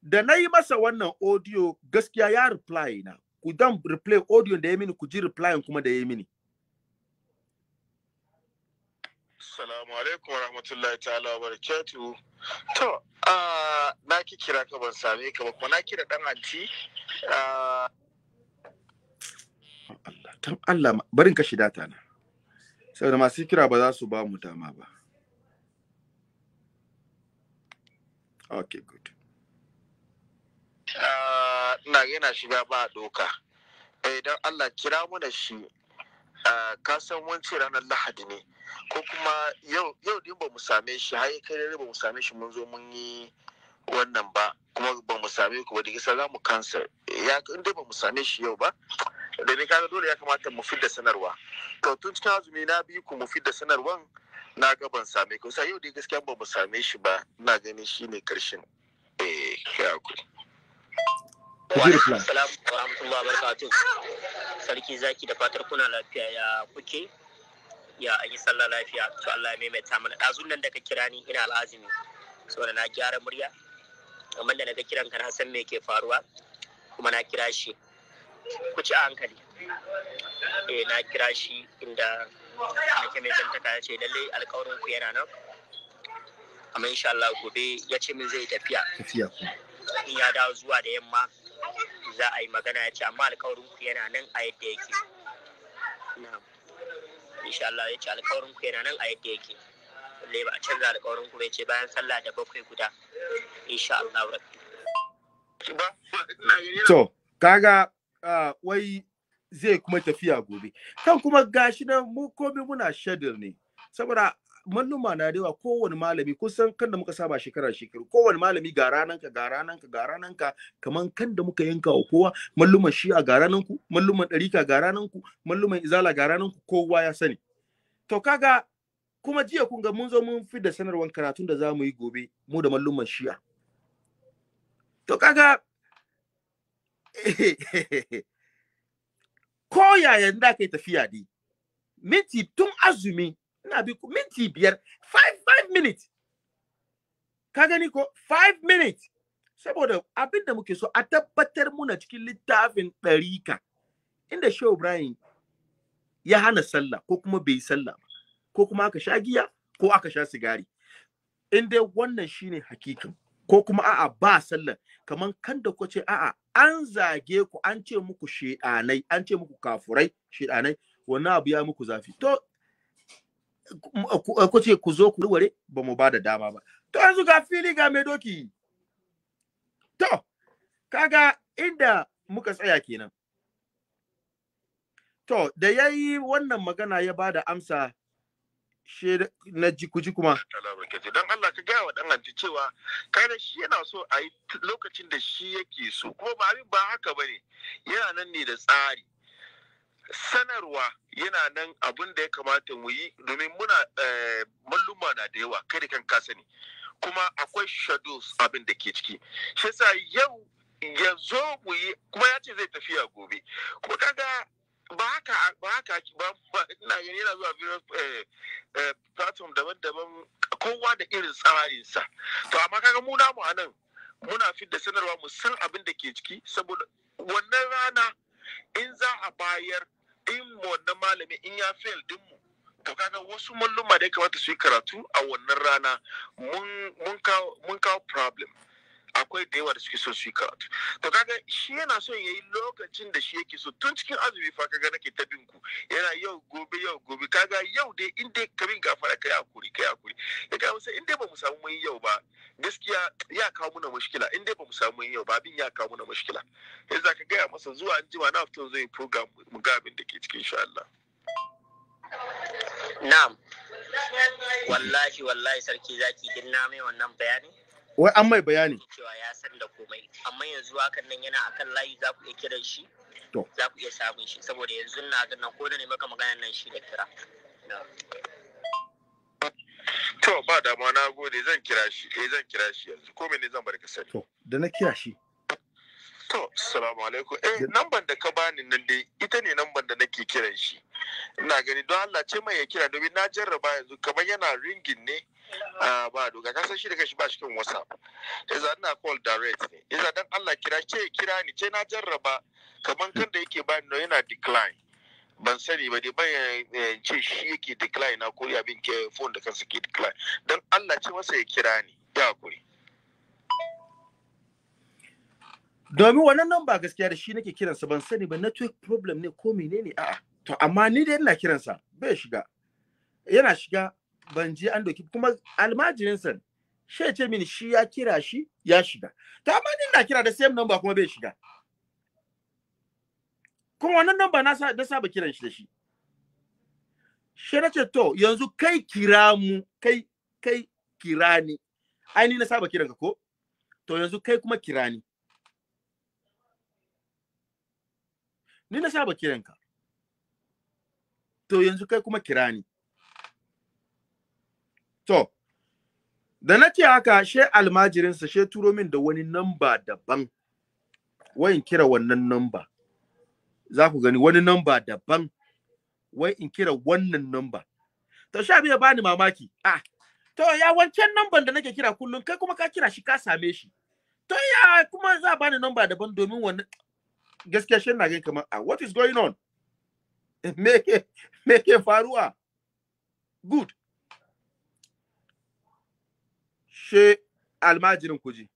da na yi masa wannan audio gaskiya ya reply na ku dan replay audio da ya mini ku ji reply kuma da ya mini Assalamu alaikum warahmatullahi ta'ala wa barakatuhu. To, ah, na ki kira ka ban same ka ba, kuma na kira dan anti. Ah, ta Allah barin ka shida ta na saboda masu kira ba za su ba mu dama ba okay good ah, ina yana shiga ba doka idan eh, Allah kira mu da shi ah, ka san wancan ranar lahadi ne ko kuma yau din ba mu same shi har kai dare ba mu same shi mun zo mun yi wannan ba kuma ba mu same ku ba da gisa za mu kansa ya inda ba mu same shi yau ba da ne kaga dole ya kamata mu fidda sanarwa to tun cikin azumi na biyu ku mu fidda sanarwan na ga ban same ku sai yau dai gaskiya ba mu same shi ba ina ganin shi ne karshen eh kira ku wa Sarki zaki da fatar kuna lafiya ya kuke ya an yi sallah lafiya to Allah ya maimaita mana dazun nan da ka kira ni ina al'azumi saboda na gyara murya amma da na ga kiran ka na san me ke faruwa kuma na kira shi ku ci a hankali eh na kira shi inda nake mai zantaka ya ce lallai alkawarin ku yana nan amma insha Allah gobe ya ce min zai tafiya tafiya in ya dawo zuwa da yamma za a yi magana ya ce amma alkawarin ku yana nan a yadda yake na'am insha Allah ya ce alkawarin ku yana nan a yadda yake lallai ba a canza alkawarin ku bai ce bayan sallah da bakwai guda insha Allah rabbi to kaga wai zai kuma tafiya gobe kan kuma gashi nan mu komai muna shadir ne saboda malluma na da yawa kowane malami kusan kan da muka saba shekara shekaru kowane malami ga ka ga ka ga ka kaman kan da muka yanka wa kowa malluman a ga ku malluman dariƙa ga ku malluman izala ga ku kowa ya sani to kaga kuma jiya kun ga mun zo mun fi da sanarwar karatun da za mu yi gobe mu da malluman shi'a to kaga ko yayan da kai tafiya dai minti tun azumi ina bi minti biyar five five minutes ka gani ko five minutes saboda abin da muke so a tabbatar muna cikin littafin ɗarika inda shehu ibrahim ya hana sallah ko kuma bai sallah ba ko kuma aka sha giya ko aka sha sigari in dai wannan shine hakikin ko kuma a'a ba sallah kamar kan da kwace a'a an zage ku an ce muku shiɗanai an ce muku kafurai shiɗanai wannan abu ya muku zafi to kwace ku zo ku warware ba mu ba da dama ba to yanzu ga fili ga mai doki to kaga inda muka tsaya kenan to da yayi wannan magana ya ba da amsa she na ji kuma don Allah ka gaya wa dan anti cewa kada shi yana so a yi lokacin da shi yake so kuma ba abin ba haka ba ne, yana nan ne da tsari sanarwa yana nan abin da ya kamata mu yi domin muna eh, malluma na da yawa kai kan ka sani kuma akwai shadows abin da ke ciki shi yau ya zo mu yi kuma ya ce zai tafiya gobe kuma kaga ba haka ba haka ba ina gani yana zuwa biyu eh, eh, platform daban-daban kowa da irin tsarinsa to amma kaga mu namu a nan muna fi da sanarwa mu san abin da ke ciki saboda wannan rana in za a bayar in wannan malami in ya fail din mu to kaga wasu malluma da ya kamata su yi karatu a wannan rana mun kawo problem akwai da yawa da suke so su yi karatu to kaga shi yana son ya yi lokacin da shi yake so tun cikin azumi fa kaga nake ta binku. yana yau gobe yau gobe kaga yau dai in dai ka bin gafara kai hakuri kai hakuri ya ga musa in dai ba mu samu mun yau ba gaskiya ya kawo muna mushkila in dai ba mu samu mun yau ba abin ya kawo muna mushkila yanzu zaka gaya masa zuwa an jima na fito zai program mu ga abin da ke cikin insha Allah na'am wallahi wallahi sarki zaki din na mai wannan bayani. wai an mai bayani cewa ya san da komai amma yanzu hakan nan yana akan layi za ku iya kiran shi za ku iya samun shi saboda yanzu na ga nan ko da ne maka magana nan shi da kira to ba ma na gode zan kira shi eh zan kira shi yanzu ko ne zan bar ka sani to da na kira shi to assalamu alaikum eh namban da ka bani nan dai ita ne namban da nake kiran shi ina gani don Allah ce mai ya kira domin na jarraba yanzu kamar yana ringin ne Ah, ba doka kasan shi daga shi ba cikin whatsapp iza ina call direct ne Iza dan Allah kira ce kira ni ce na jarraba kaman kan da yake bani yana decline ban sani ba dai ban eh, ce shi yake decline na ko ya bin ke phone da kansa ke decline dan Allah ce masa ya kira ni ya kuri domin wannan nan ba gaskiya da shi nake kiransa ban sani ba network problem ne ko menene a'a to amma ni dai ina kiransa bai shiga yana shiga ban je an doki kuma almajirinsa shi ce mini shi ya kira shi ya shiga ta amma ni na kira da same number kuma bai shiga kuma wannan number na da saba kiran shi da shi shi na ce to yanzu kai kira mu kai kai kira ni ai ni na saba kiran ka ko to yanzu kai kuma kira ni ni na saba kiran ka, to yanzu kai kuma kira ni to da nake haka she almajirinsa she turo min da wani namba daban wai in kira wannan namba za ku gani wani namba daban wai in kira wannan namba to sha biya bani mamaki ah to ya wancan namban da nake kira kullum kai kuma ka kira shi ka same shi to ya kuma za bani namba daban domin wannan gaskiya shi na gani kamar ah what is going on me ke faruwa good she almajirin kuji.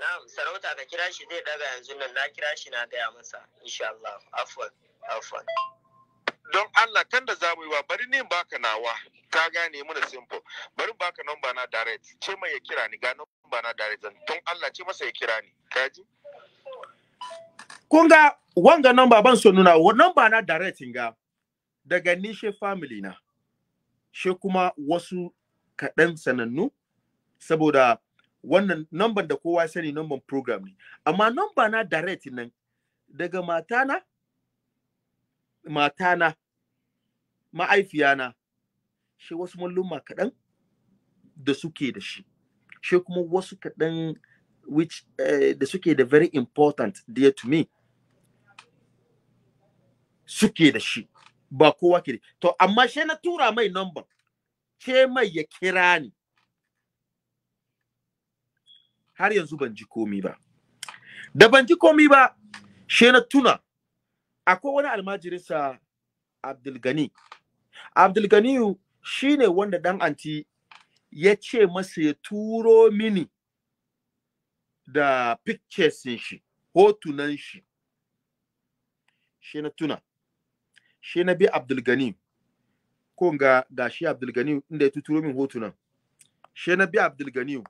Na'am, sarauta ka kira shi zai daga yanzu nan na kira shi na gaya masa insha Allah. Afwan, afwan. Don Allah kan da zamu yi wa bari ne baka nawa ka gane mana simple bari baka number na direct ce mai ya kira ni ga number na direct don Allah ce masa ya kira ni ji? kun ga wanga number ban so nuna wa number na direct ga daga nishe family na she kuma wasu kaɗan sanannu saboda wannan number da kowa sani number program ne amma number na direct nan daga matana matana ma'aifiyana shi wasu malluma kaɗan da suke da shi shi kuma wasu kaɗan which uh, da suke da very important dear to me suke da shi ba kowa ke to amma shi na tura mai number ce mai ya kira ni har yanzu ban ji komi ba da ban ji komi ba she na tuna akwai wani almajirinsa abdulgani shi shine wanda ɗan anti ya ce masa ya turo mini da pictures shi hotunan shi She na tuna She na bi abdulgani ko ga shi abdulgani inda ya tuturo min hotunan shi na bi abdulgani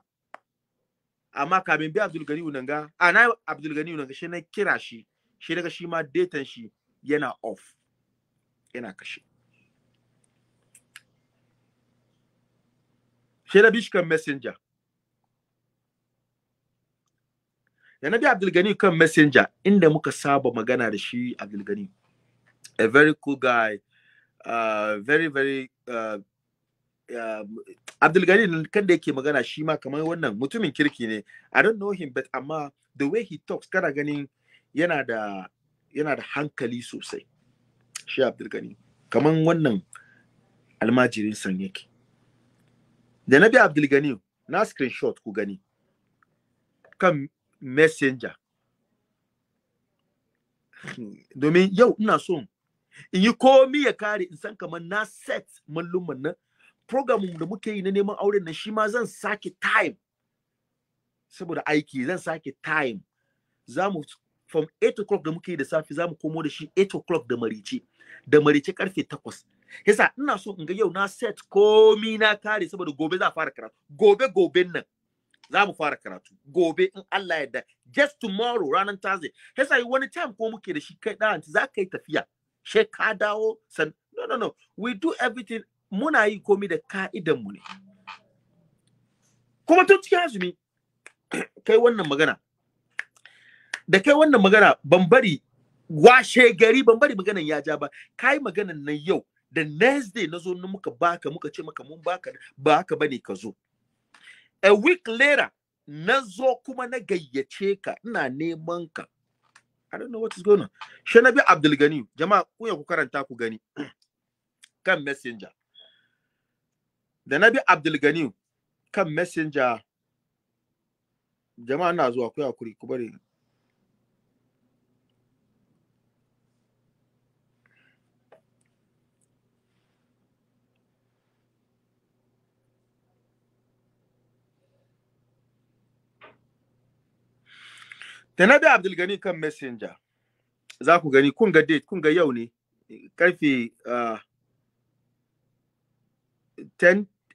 amma kamin bi Abdul Gani Unanga a na Abdul Gani Unanga shi na kira shi shi daga shi ma datan shi yana off yana kashe shi da bishi messenger da bi Abdul Gani kan messenger inda muka saba magana da shi Abdul Gani a very cool guy uh, very very uh, Um, Abdulgani kan da yake magana shi ma kamar wannan mutumin kirki ne I don't know him but amma the way he talks kana ganin yana da yana da hankali sosai shi Abdulgani kamar wannan almajirin san yake da na bi Abdulgani na screenshot ku gani kan messenger domin yau ina so in yi komi ya kare in san kamar na set mallumman nan program da muke yi na neman auren nan shi ma zan sake time saboda aiki zan sake time za mu from 8 o'clock da muke yi da safe za mu komo da shi 8 o'clock da marice da marice karfe 8 yasa ina so in ga yau na set komi na kare saboda gobe za fara karatu gobe gobe nan za mu fara karatu gobe in Allah ya da just tomorrow ranar Tazi yasa wani time ko muke da shi kai da za ka yi tafiya she ka dawo san no no no we do everything muna yi komai da ka'idan mu ne kuma tun cikin azumi kai wannan magana da kai wannan magana ban bari washe gari ban bari maganan ya ja ba kai maganan nan yau da next day na zo na muka baka muka ce maka mun baka ba haka bane ka zo a week later na zo kuma na gayyace ka ina neman ka I don't know what is going on. Shana Abdulgani, jama'a Gani, ya ku karanta ku gani kan messenger. da na bi abdulgani kan messenger jama'a na zuwa ku hakuri ku bari da na bi abdulgani kan messenger za ku gani kun ga date kun ga yau ne karfe 10 ah,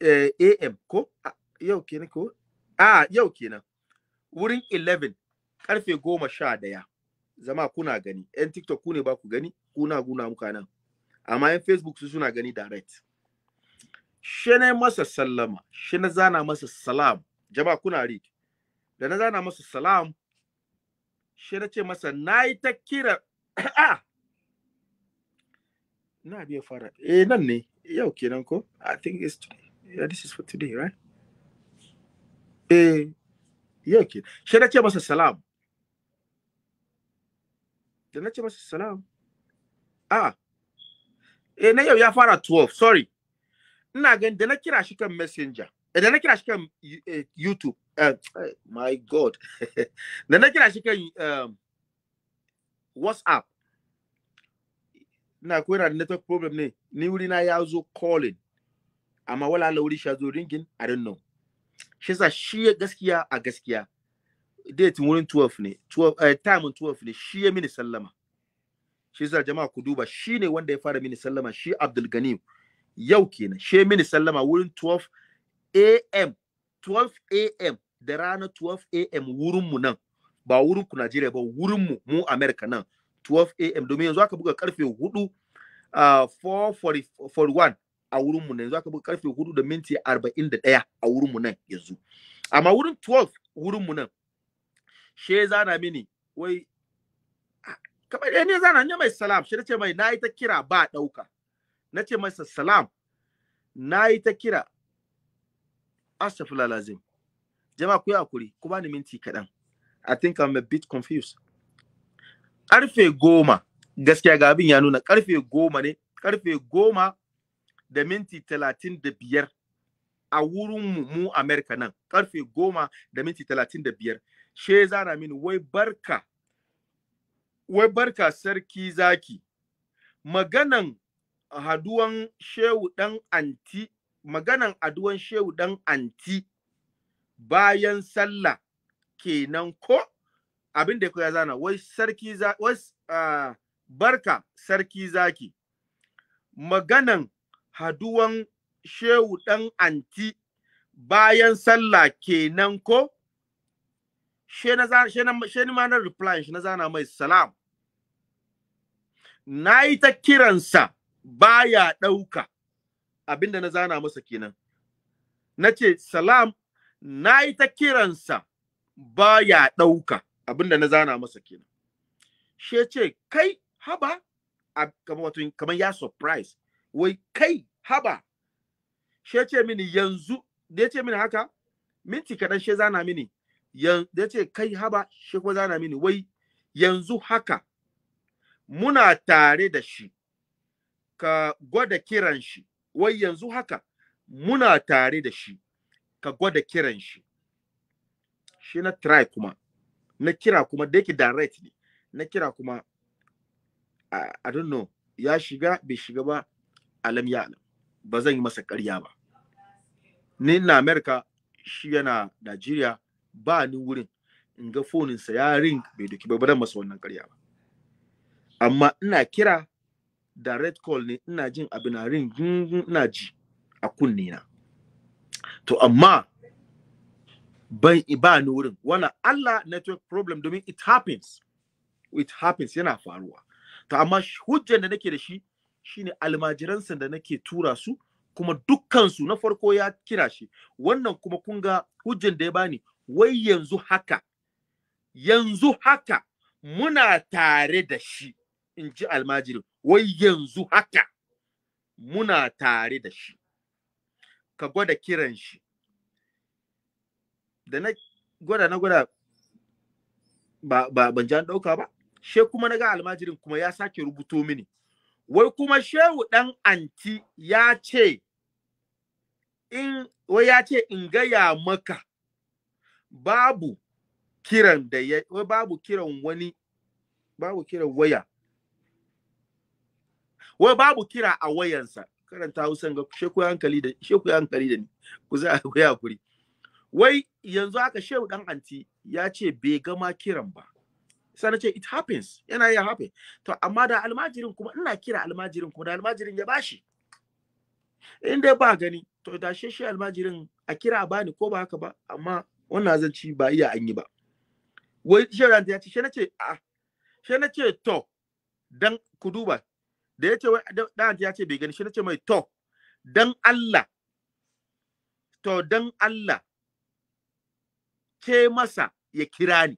eh, am ko yau kenan ko a yau kenan wurin 11 karfe goma sha zama kuna gani yan tiktok ku ne ba ku gani kuna guna muka nan amma yan facebook su suna gani direct shi ne masa sallama shi na zana masa salam jama'a kuna read da na zana masa salam shi na ce masa na yi ta kira na biya fara eh nan ne yau kenan ko i think it's today yeah, this is for today, right? Eh, yeah, kid. I Shada ce masa salam. Da na ce masa salam. Ah. Eh, na yau ya fara 12, sorry. Ina again. Then I kira shi Messenger. Eh, da na kira shi eh, YouTube. Uh, my God. Then I kira shi um, WhatsApp. Ina ko yana network problem ne. Ni wuri na ya calling. amma wala lauri sha zo ringin i don't know shi sa shi gaskiya a gaskiya date wurin 12 ne 12 uh, time 12 ne shi ya mini sallama shi sa jama'a ku duba shi ne wanda ya fara mini sallama shi Abdul Ganim yau kenan shi ya mini sallama wurin 12 am 12 am da rana 12 am wurin mu nan ba wurin ku Najeriya ba wurin mu mu America nan 12 am domin yanzu aka buga karfe 4 uh, 441 a wurin mu na yanzu aka buga karfe hudu da minti arba'in da ɗaya a nan yanzu amma wurin 12 mu nan she zana mini wai ah, kamar ɗaya ne zana ne mai salam shi ce mai na yi ta kira ba ɗauka na ce masa salam na yi ta kira astagfirullah lazim jama'a ku yi hakuri ku bani minti kaɗan i think i'm a bit confused karfe goma gaskiya ga abin ya nuna karfe goma ne karfe goma da minti talatin da biyar a wurin mu Amerika nan karfe goma da minti talatin da biyar she zana mini wai barka wai barka sarki zaki maganan haduwan shehu dan anti maganan aduwan shehu dan anti bayan sallah kenan ko abin da ya zana wai sarki za wai uh, barka sarki zaki maganan haduwan shehu ɗan anti bayan sallah kenan ko? She ni ma na reply shi na zana mai salam. Na yi ta kiransa baya ɗauka abinda na zana masa kenan. Na ce, salam, na yi ta kiransa baya ɗauka abinda na zana masa kenan. She ce, kai, haba, kamar ya surprise. wai kai haba shi ya ce mini yanzu da ya ce mini haka minti kaɗan shi zana mini da ya ce kai haba shi kuma zana mini wai yanzu haka muna tare da shi ka gwada kiran shi wai yanzu haka muna tare da shi ka gwada kiran shi shi na try kuma na kira kuma da yake direct ne na kira kuma I, don't know ya shiga bai shiga ba alam ya alam ba zan yi masa ƙarya ba ni na america shi yana nigeria ba ni wurin in ga foninsa ya ring bai duki ba ba masa wannan ƙarya ba amma ina kira da red call ne ina jin abin na ring ina ji a kunne na to amma ban ba ni wurin wannan Allah network problem domin it happens it happens yana faruwa to amma hujjar da nake da shi shine almajiransa da nake tura su kuma dukkansu na farko ya kira shi wannan kuma kun ga hujjan da ya bani wai yanzu haka yanzu haka muna tare da shi in ji almajirin wai yanzu haka muna tare da shi ka gwada kiran shi da na gwada na gwada ba ban ji an ɗauka ba she kuma na ga almajirin kuma ya sake rubuto mini wai kuma shehu dan anti ya ce in wai ya ce in gaya maka babu kiran da ya wai babu kiran wani babu kiran waya wai babu kira a wayansa karanta Hausan ga sheku hankali da sheku hankali da ni ku za ku ya kuri wai yanzu haka shehu dan anti ya ce bai gama kiran ba sai na ce it happens yana iya happen to amma da almajirin kuma ina kira almajirin kuma da almajirin ya bashi in dai ba gani to da shi shi almajirin a kira a bani ko ba haka ba amma wannan zanci ba iya an yi ba wai shirin ya ce shi na ce a shi na ce to dan ku duba da ya ce wai dan ya ce bai gani shi na ce mai to dan Allah to dan Allah ce masa ya kira ni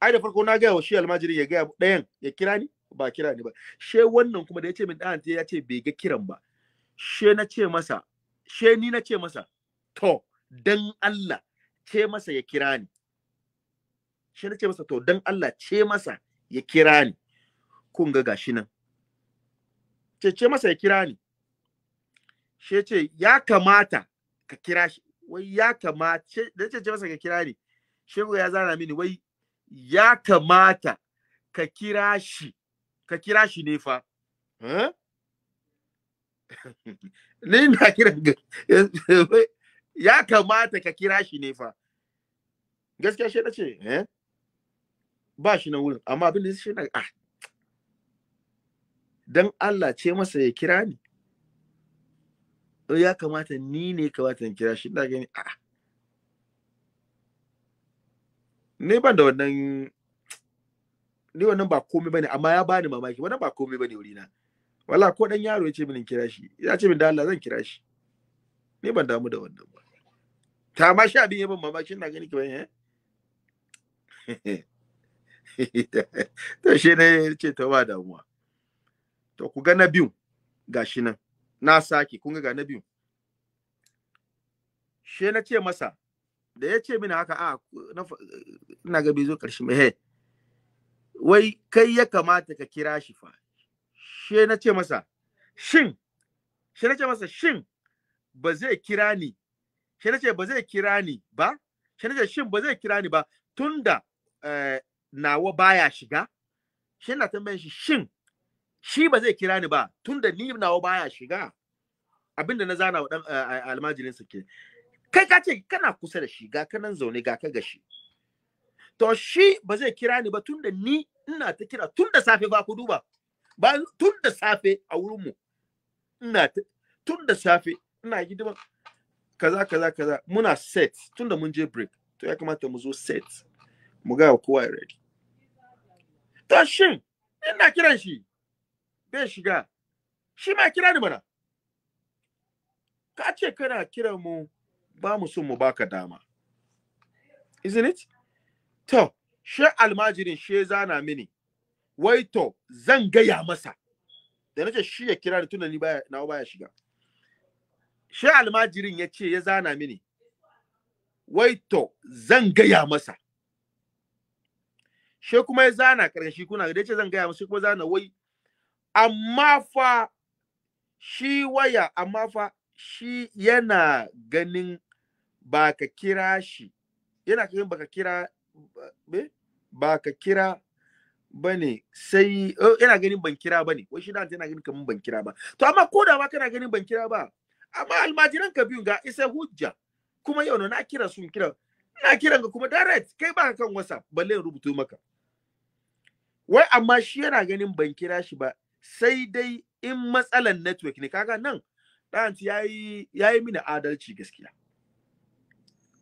ai da farko na gaya wa shi almajiri ya gaya ɗayan ya kira ni ba kira ni ba she wannan kuma da ya ce min ɗan ya ce bai ga kiran ba she na ce masa she ni na ce masa to dan Allah ce masa ya kira ni she na ce masa to dan Allah ce masa ya kira ni kun ga gashi nan ce ce masa ya kira ni she ce ya kamata ka kira shi wai ya kamata da ce ce masa ka kira ni she ya zana mini wai ya kamata ka kira shi ka kira shi ne fa eh? ni na kira ya kamata ka kira shi ne fa gaskiya shi ce eh ba shi na wurin amma abin da shi na ah dan Allah ce masa ya kira ni ya kamata ni ne kamata in kira shi na gani ah ne ban da wannan ni wannan ba komai bane amma ya bani mamaki wannan ba komai bane wurina wala ko dan yaro ya ce min kira shi ya ce min da Allah zan kira shi ni ban damu da wannan ba ta ma sha bin ya ban mamaki ina gani kiban eh to shi ne ce to ba damuwa to ku ga na biyu gashi nan na saki kun ga na biyu she na ce masa da ya ce mini haka ah, a ina ga bai zo ƙarshe mai wai kai ya kamata ka kira shi fa she na ce masa shin she na ce masa shin ba zai kira ni she na ce ba zai kira ni ba she na ce shin ba zai kira ni ba tunda eh, nawa baya shiga she na tambayan shi shin shi ba zai kira ni ba tunda ni nawa baya shiga abinda na zana wa dan eh, almajirin su ke kai ka ce kana kusa da shi ga ka nan zaune ga ka gashi to shi ba zai kira ni ba tunda ni ina ta kira tunda safe ba ku duba ba tunda safe a wurin mu ina tunda safe ina hidima kaza kaza kaza muna set tunda mun je break to ya kamata mu zo set mu ga kowa ya ready to shin ina kiran shi bai shiga shi ma kira ni mana ka ce kana kiran mu ba mu so mu baka dama isn't it to she almajirin she zana mini wai to zan gaya masa da nace shi ya kira ni tunani baya na baya shiga she almajirin ya ce ya zana mini wai to zan gaya masa she kuma ya zana karkashi kuna da ce zan gaya masa kuma zana wai amma fa shi waya amma fa shi yana ganin ba ka kira shi yana kan baka kira ba ka kira bane sai oh, yana ganin ban kira ba ne wai shi da yana ganin kaman ban kira ba to amma ko da ma kana ganin ban kira ba amma almajiran ka biyu ga isa hujja kuma yau na kira sun kira na kiran ka kuma direct kai ba kan whatsapp balle in rubuto maka wai amma shi yana ganin ban kira shi ba sai dai in matsalan network ne kaga nan dan yayi yayi mini adalci gaskiya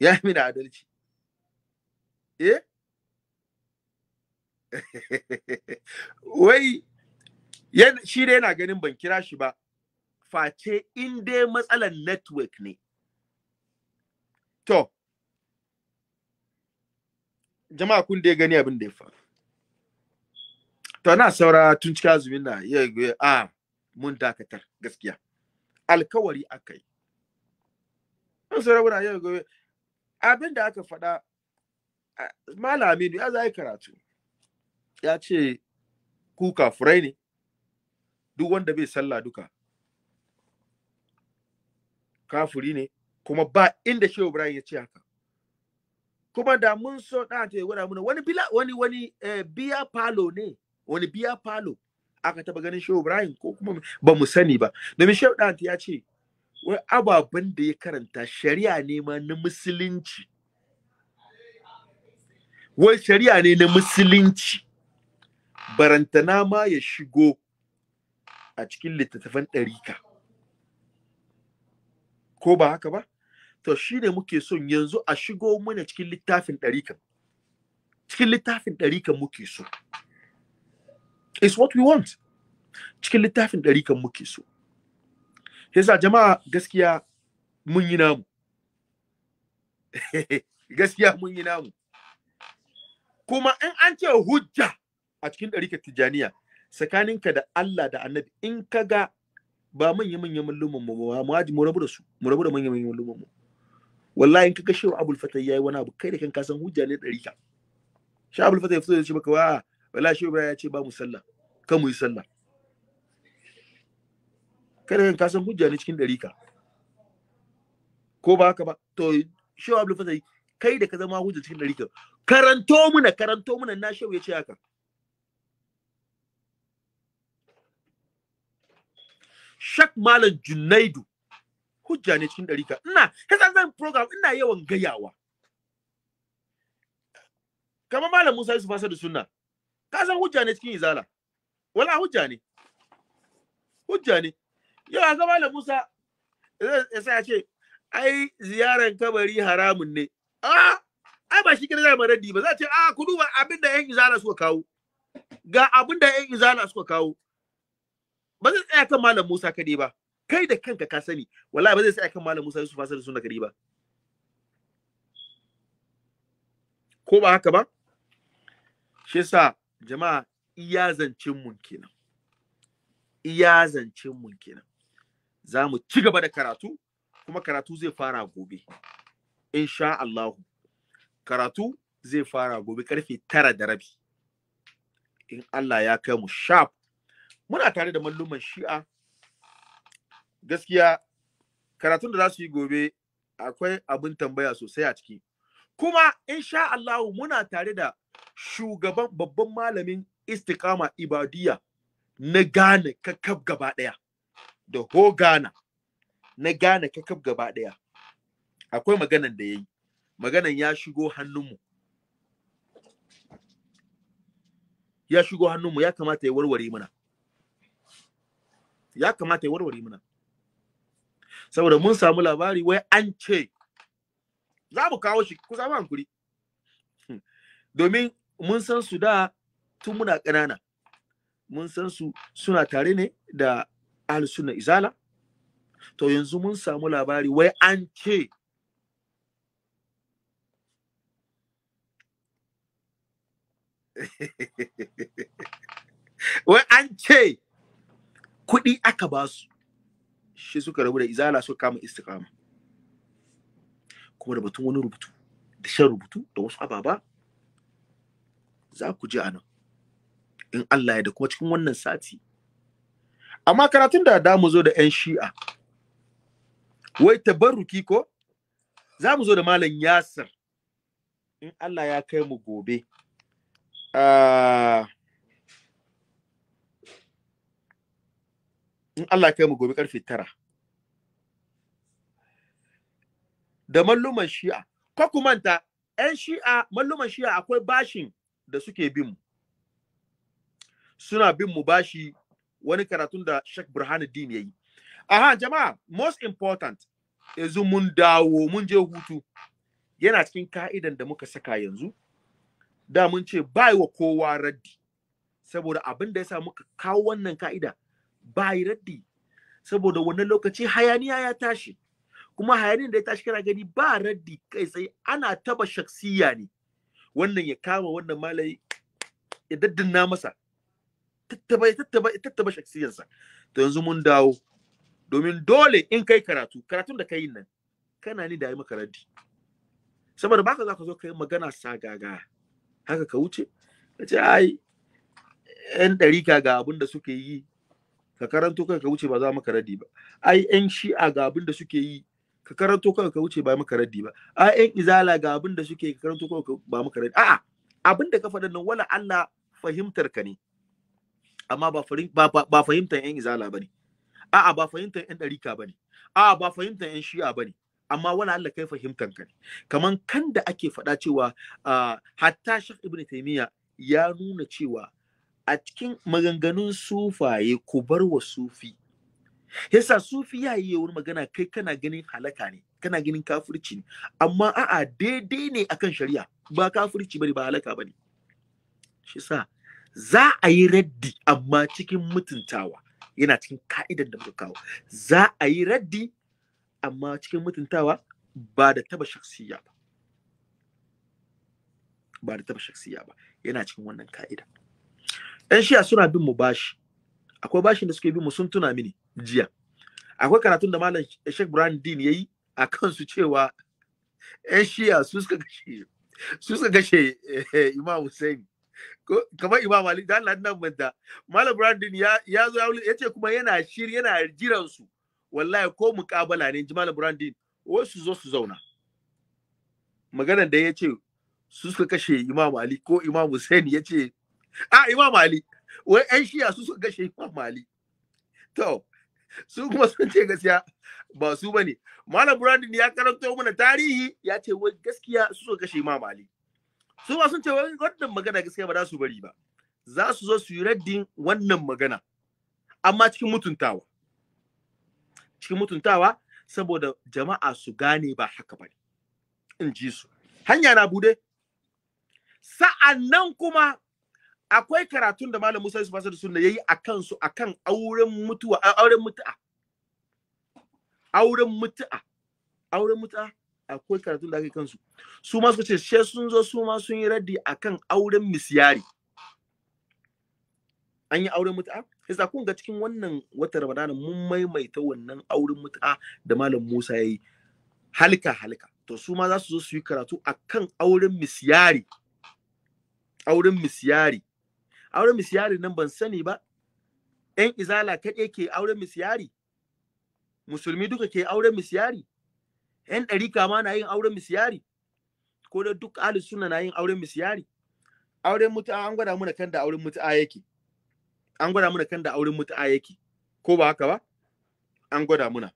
ya yi mini adalci eh wai shi dai yana ganin ban kira shi ba face in dai matsalar network ne to jama'a kun dai gani abin da ya faru to na saura tun cika zumin na ya a mun dakatar gaskiya alkawari akai an saura wura ya gobe abin da aka faɗa Aminu ya zai karatu ya ce ku kafurai ne duk wanda bai sallah duka kafuri ne kuma ba inda shehu ibrahim ya ce haka kuma da mun so da ta yi gwada wani bila wani wani eh, biya palo ne wani biya palo aka taba ganin shehu ibrahim ko kuma ba mu sani ba domin shehu da ya ce wai ababen da ya karanta shari'a ne ma na musulunci wai shari'a ne na musulunci barantana ma ya shigo a cikin littattafan ɗarika ko ba haka ba to shi ne muke son yanzu a shigo mana cikin littafin ɗarikan cikin littafin ɗarikan muke so is what we want cikin littafin ɗarikan muke so yasa jama'a gaskiya mun yi namu gaskiya mun yi namu kuma in an ce hujja a cikin ɗarikar tijaniya tsakaninka da Allah da annabi in ka ga ba manya manya mallumin mu ba mu haji mu rabu da su mu rabu da manya manya mallumin mu wallahi in ka ga shehu abul fatai yayi wani abu kai da kanka san hujja ne ɗarika shehu abul fatai ya fito da shi baka wa wallahi shehu ibrahim ya ce ba mu sallah kan mu yi sallah kada ka san hujja ne cikin ka. ko ba haka ba to shehu abdul fasai kai da ka zama hujja cikin ka karanto muna karanto muna na shehu ya ce haka shak malam junaidu hujja ne cikin ka. ina kasa zan program ina yawan gayawa kamar malam musa yusuf fasa da sunna ka san hujja ne cikin izala wala hujja ne hujja ne yau a zama da musa ya sa ce ai ziyarar kabari haramun ne a ah, ai ba shi kirza ma raddi ba za ce a ah, ku duba abin da yan izala suka kawo ga abin da yan izala suka kawo ba zai tsaya kan malam musa kade ba kai da kanka ka sani wallahi ba zai tsaya kan malam musa yusuf fasar sunna kade ba ko ba haka ba shi yasa jama'a iya zancin mun kenan iya zancin mun kenan za mu ci gaba da karatu kuma karatu zai fara gobe insha Allahu karatu zai fara gobe karfe tara da rabi in Allah ya kai mu sharp muna tare da malluman shi'a gaskiya karatun da za su yi gobe akwai abin tambaya sosai a ciki kuma insha Allahu muna tare da shugaban babban malamin istiqama ibadiya na gane kakkab gaba ɗaya da ho Gana, na Ghana kakaf gaba ɗaya akwai maganan da ya yi maganan ya shigo hannunmu ya shigo hannunmu ya kamata ya warware mana ya kamata ya warware mana saboda mun samu labari wai an ce za mu kawo shi ku samu hankuri hmm. domin mun san su da tun muna ƙanana mun san su suna tare ne da ahli sunna izala to yanzu mun samu labari wai an ce wai an ce kuɗi aka ba su shi suka rabu da izala suka kama istiqama kuma da batun wani rubutu da shan rubutu da wasu ababa za ku ji a nan in Allah ya da kuma cikin wannan sati amma karatun da da mu zo da yan shi'a wai tabarruki ko za mu zo da malam yasir in Allah ya kai mu gobe ah, in Allah ya kai mu gobe karfe tara da malluman shi'a ko ku manta 'yan shi'a malluman shi'a akwai bashin da suke bin mu suna bin mu bashi wani karatun da Sheikh Burhanuddin ya yi. Aha, jama'a, most important, yanzu mun dawo mun je hutu. Yana cikin ka'idan da muka saka yanzu, da mun ce bai wa kowa raddi. Saboda abin da ya sa muka kawo wannan ka'ida, bai raddi. Saboda wannan lokaci hayaniya ya tashi. Kuma hayanin da ya tashi kana gani ba raddi kai sai ana taba shaksiya ne. Wannan ya kama wannan malai ya daddana masa. tattaba tattaba tattaba shaksiyarsa to yanzu mun dawo domin dole in kai karatu karatun da kai nan kana ni da yi maka raddi saboda baka za ka zo ka yi magana sagaga haka ka wuce ka ce ai yan ɗarika ga abin da suke yi ka karanto kai ka wuce ba za maka raddi ba ai yan shi'a ga abin da suke yi ka karanto kai ka wuce ba maka raddi ba ai yan izala ga abin da suke ka karanto kanka ba maka raddi a'a abin da ka faɗa nan wala Allah fahimtar ka ne amma ba fahimtar yan izala ne. a'a ba fahimtar yan ɗarika bane a'a ba fahimtar yan shi'a bane amma wani Allah kai fahimtar ka ne kaman kan da ake faɗa cewa hatta Sheikh Ibn Taymiyyah ya nuna cewa a cikin maganganun sufaye ku bar wa sufi yasa sufi ya yi wani magana kai kana ganin halaka ne kana ganin kafirci ne amma a'a daidai ne akan shari'a ba kafirci bane ba halaka bane shi sa za a yi raddi amma cikin mutuntawa yana cikin ka'idar da muka kawo za a yi raddi amma cikin mutuntawa ba da taba shaksiya ba ba da taba shaksiya ba yana cikin wannan ka'ida ɗan shiya suna bin mu bashi akwai bashin da suke bin mu sun tuna mini jiya akwai karatun da malam shek Brand Din yayi a kansu cewa ɗan shiya su suka kashe su suka gashe eh, Imam Hussein kamar imam ali da Allah nan manta malam brandon ya ya zo ya ce kuma yana shiri yana jiran su wallahi ko muƙabala ne ji malam brandon wai su zo su zauna maganar da ya ce su suka kashe imam ali ko imam hussein ya ce a imam ali wai yan shiya su suka kashe imam ali to su kuma sun ce gaskiya ba su bane malam brandon ya karanto mana tarihi ya ce wai gaskiya su suka kashe imam ali su ba sun ce wannan magana gaskiya ba za su bari ba za su zo su yi raddin wannan magana amma cikin mutuntawa cikin mutuntawa saboda jama'a su gane ba haka ba in ji su hanya na bude sa'an nan kuma akwai karatun da malam Musa Yusuf Asadu Sunna yayi akan su akan auren mutuwa auren mutu'a auren mutu'a auren mutu'a akwai karatun da ake kansu su ma suka ce she sun zo su ma sun yi raddi akan auren misyari an yi auren mutu'a yasa kun ga cikin wannan watan ramadana mun maimaita wannan auren mutu'a da malam musa ya yi halka halka to su ma za su zo su yi karatu akan auren misyari auren misyari auren misyari nan ban sani ba ‘yan izala kaɗai ke auren misyari musulmi duka ke auren misyari yan ɗari kama na yin auren misiyari ko da duk ahli sunna na yin auren misiyari auren mutu'a an gwada mana kan da auren mutu'a yake an gwada mana kan da auren mutu'a yake ko ba haka ba an gwada muna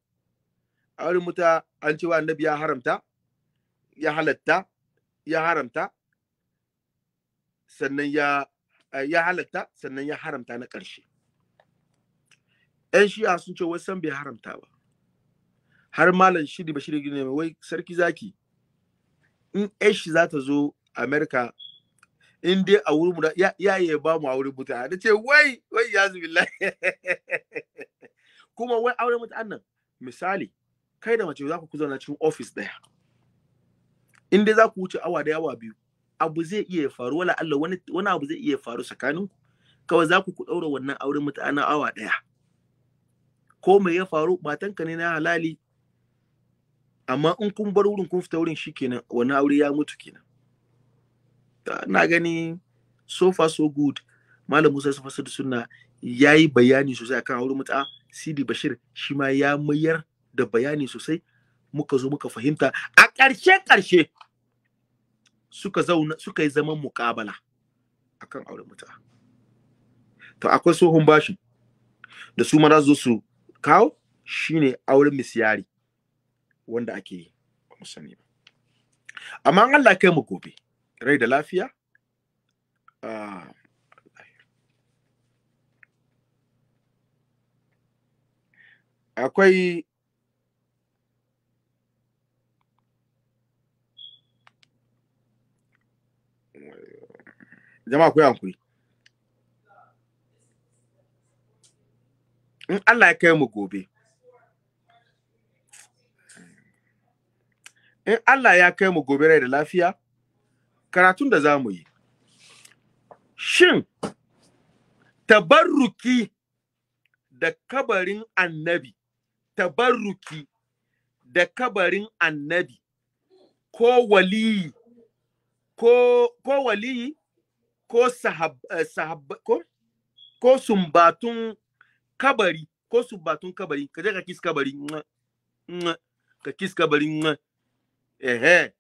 auren mutu'a an cewa annabi ya haramta ya halatta ya haramta sannan ya eh, ya halatta sannan ya haramta na ƙarshe 'yan shi'a sun ce wasan bai haramta ba har malam shiri shiri ne wai sarki zaki in ash za ta zo america in dai a wurin da ya ya ba mu aure buta da ce wai wai ya billahi kuma wai aure mutane nan misali kai da mace za ku zauna cikin office daya in dai za ku wuce awa da yawa biyu abu zai iya faru wala Allah wani wani abu zai iya faru tsakanin ku kawai za ku ku daura wannan auren mutane awa daya ko me ya faru matanka ne na halali amma in kun bar wurin kun fita wurin shi kenan, wani aure ya mutu kenan na gani so far so good malam musa su da sunna ya yi bayani sosai akan aure mutu'a sidi bashir shi ma ya mayar da bayani sosai muka zo muka fahimta a ƙarshe ƙarshe suka yi zaman muƙabala akan aure mutu'a to akwai tsohon bashi da su ma za su kawo shine auren misyari wanda ake yi ba mu sani ba amma an Allah kai mu gobe rai da lafiya ah, akwai jama'a ku hankuri in Allah ya kai mu gobe in Allah ya kai mu gobe rai da lafiya karatun da zamu yi shin tabarruki da kabarin annabi tabarruki da kabarin annabi ko waliyi ko ko waliyi ko sahab, eh, sahab ko ko sumbatun kabari ko sumbatun kabari ka je ka kis kabari ka kis kabari ehe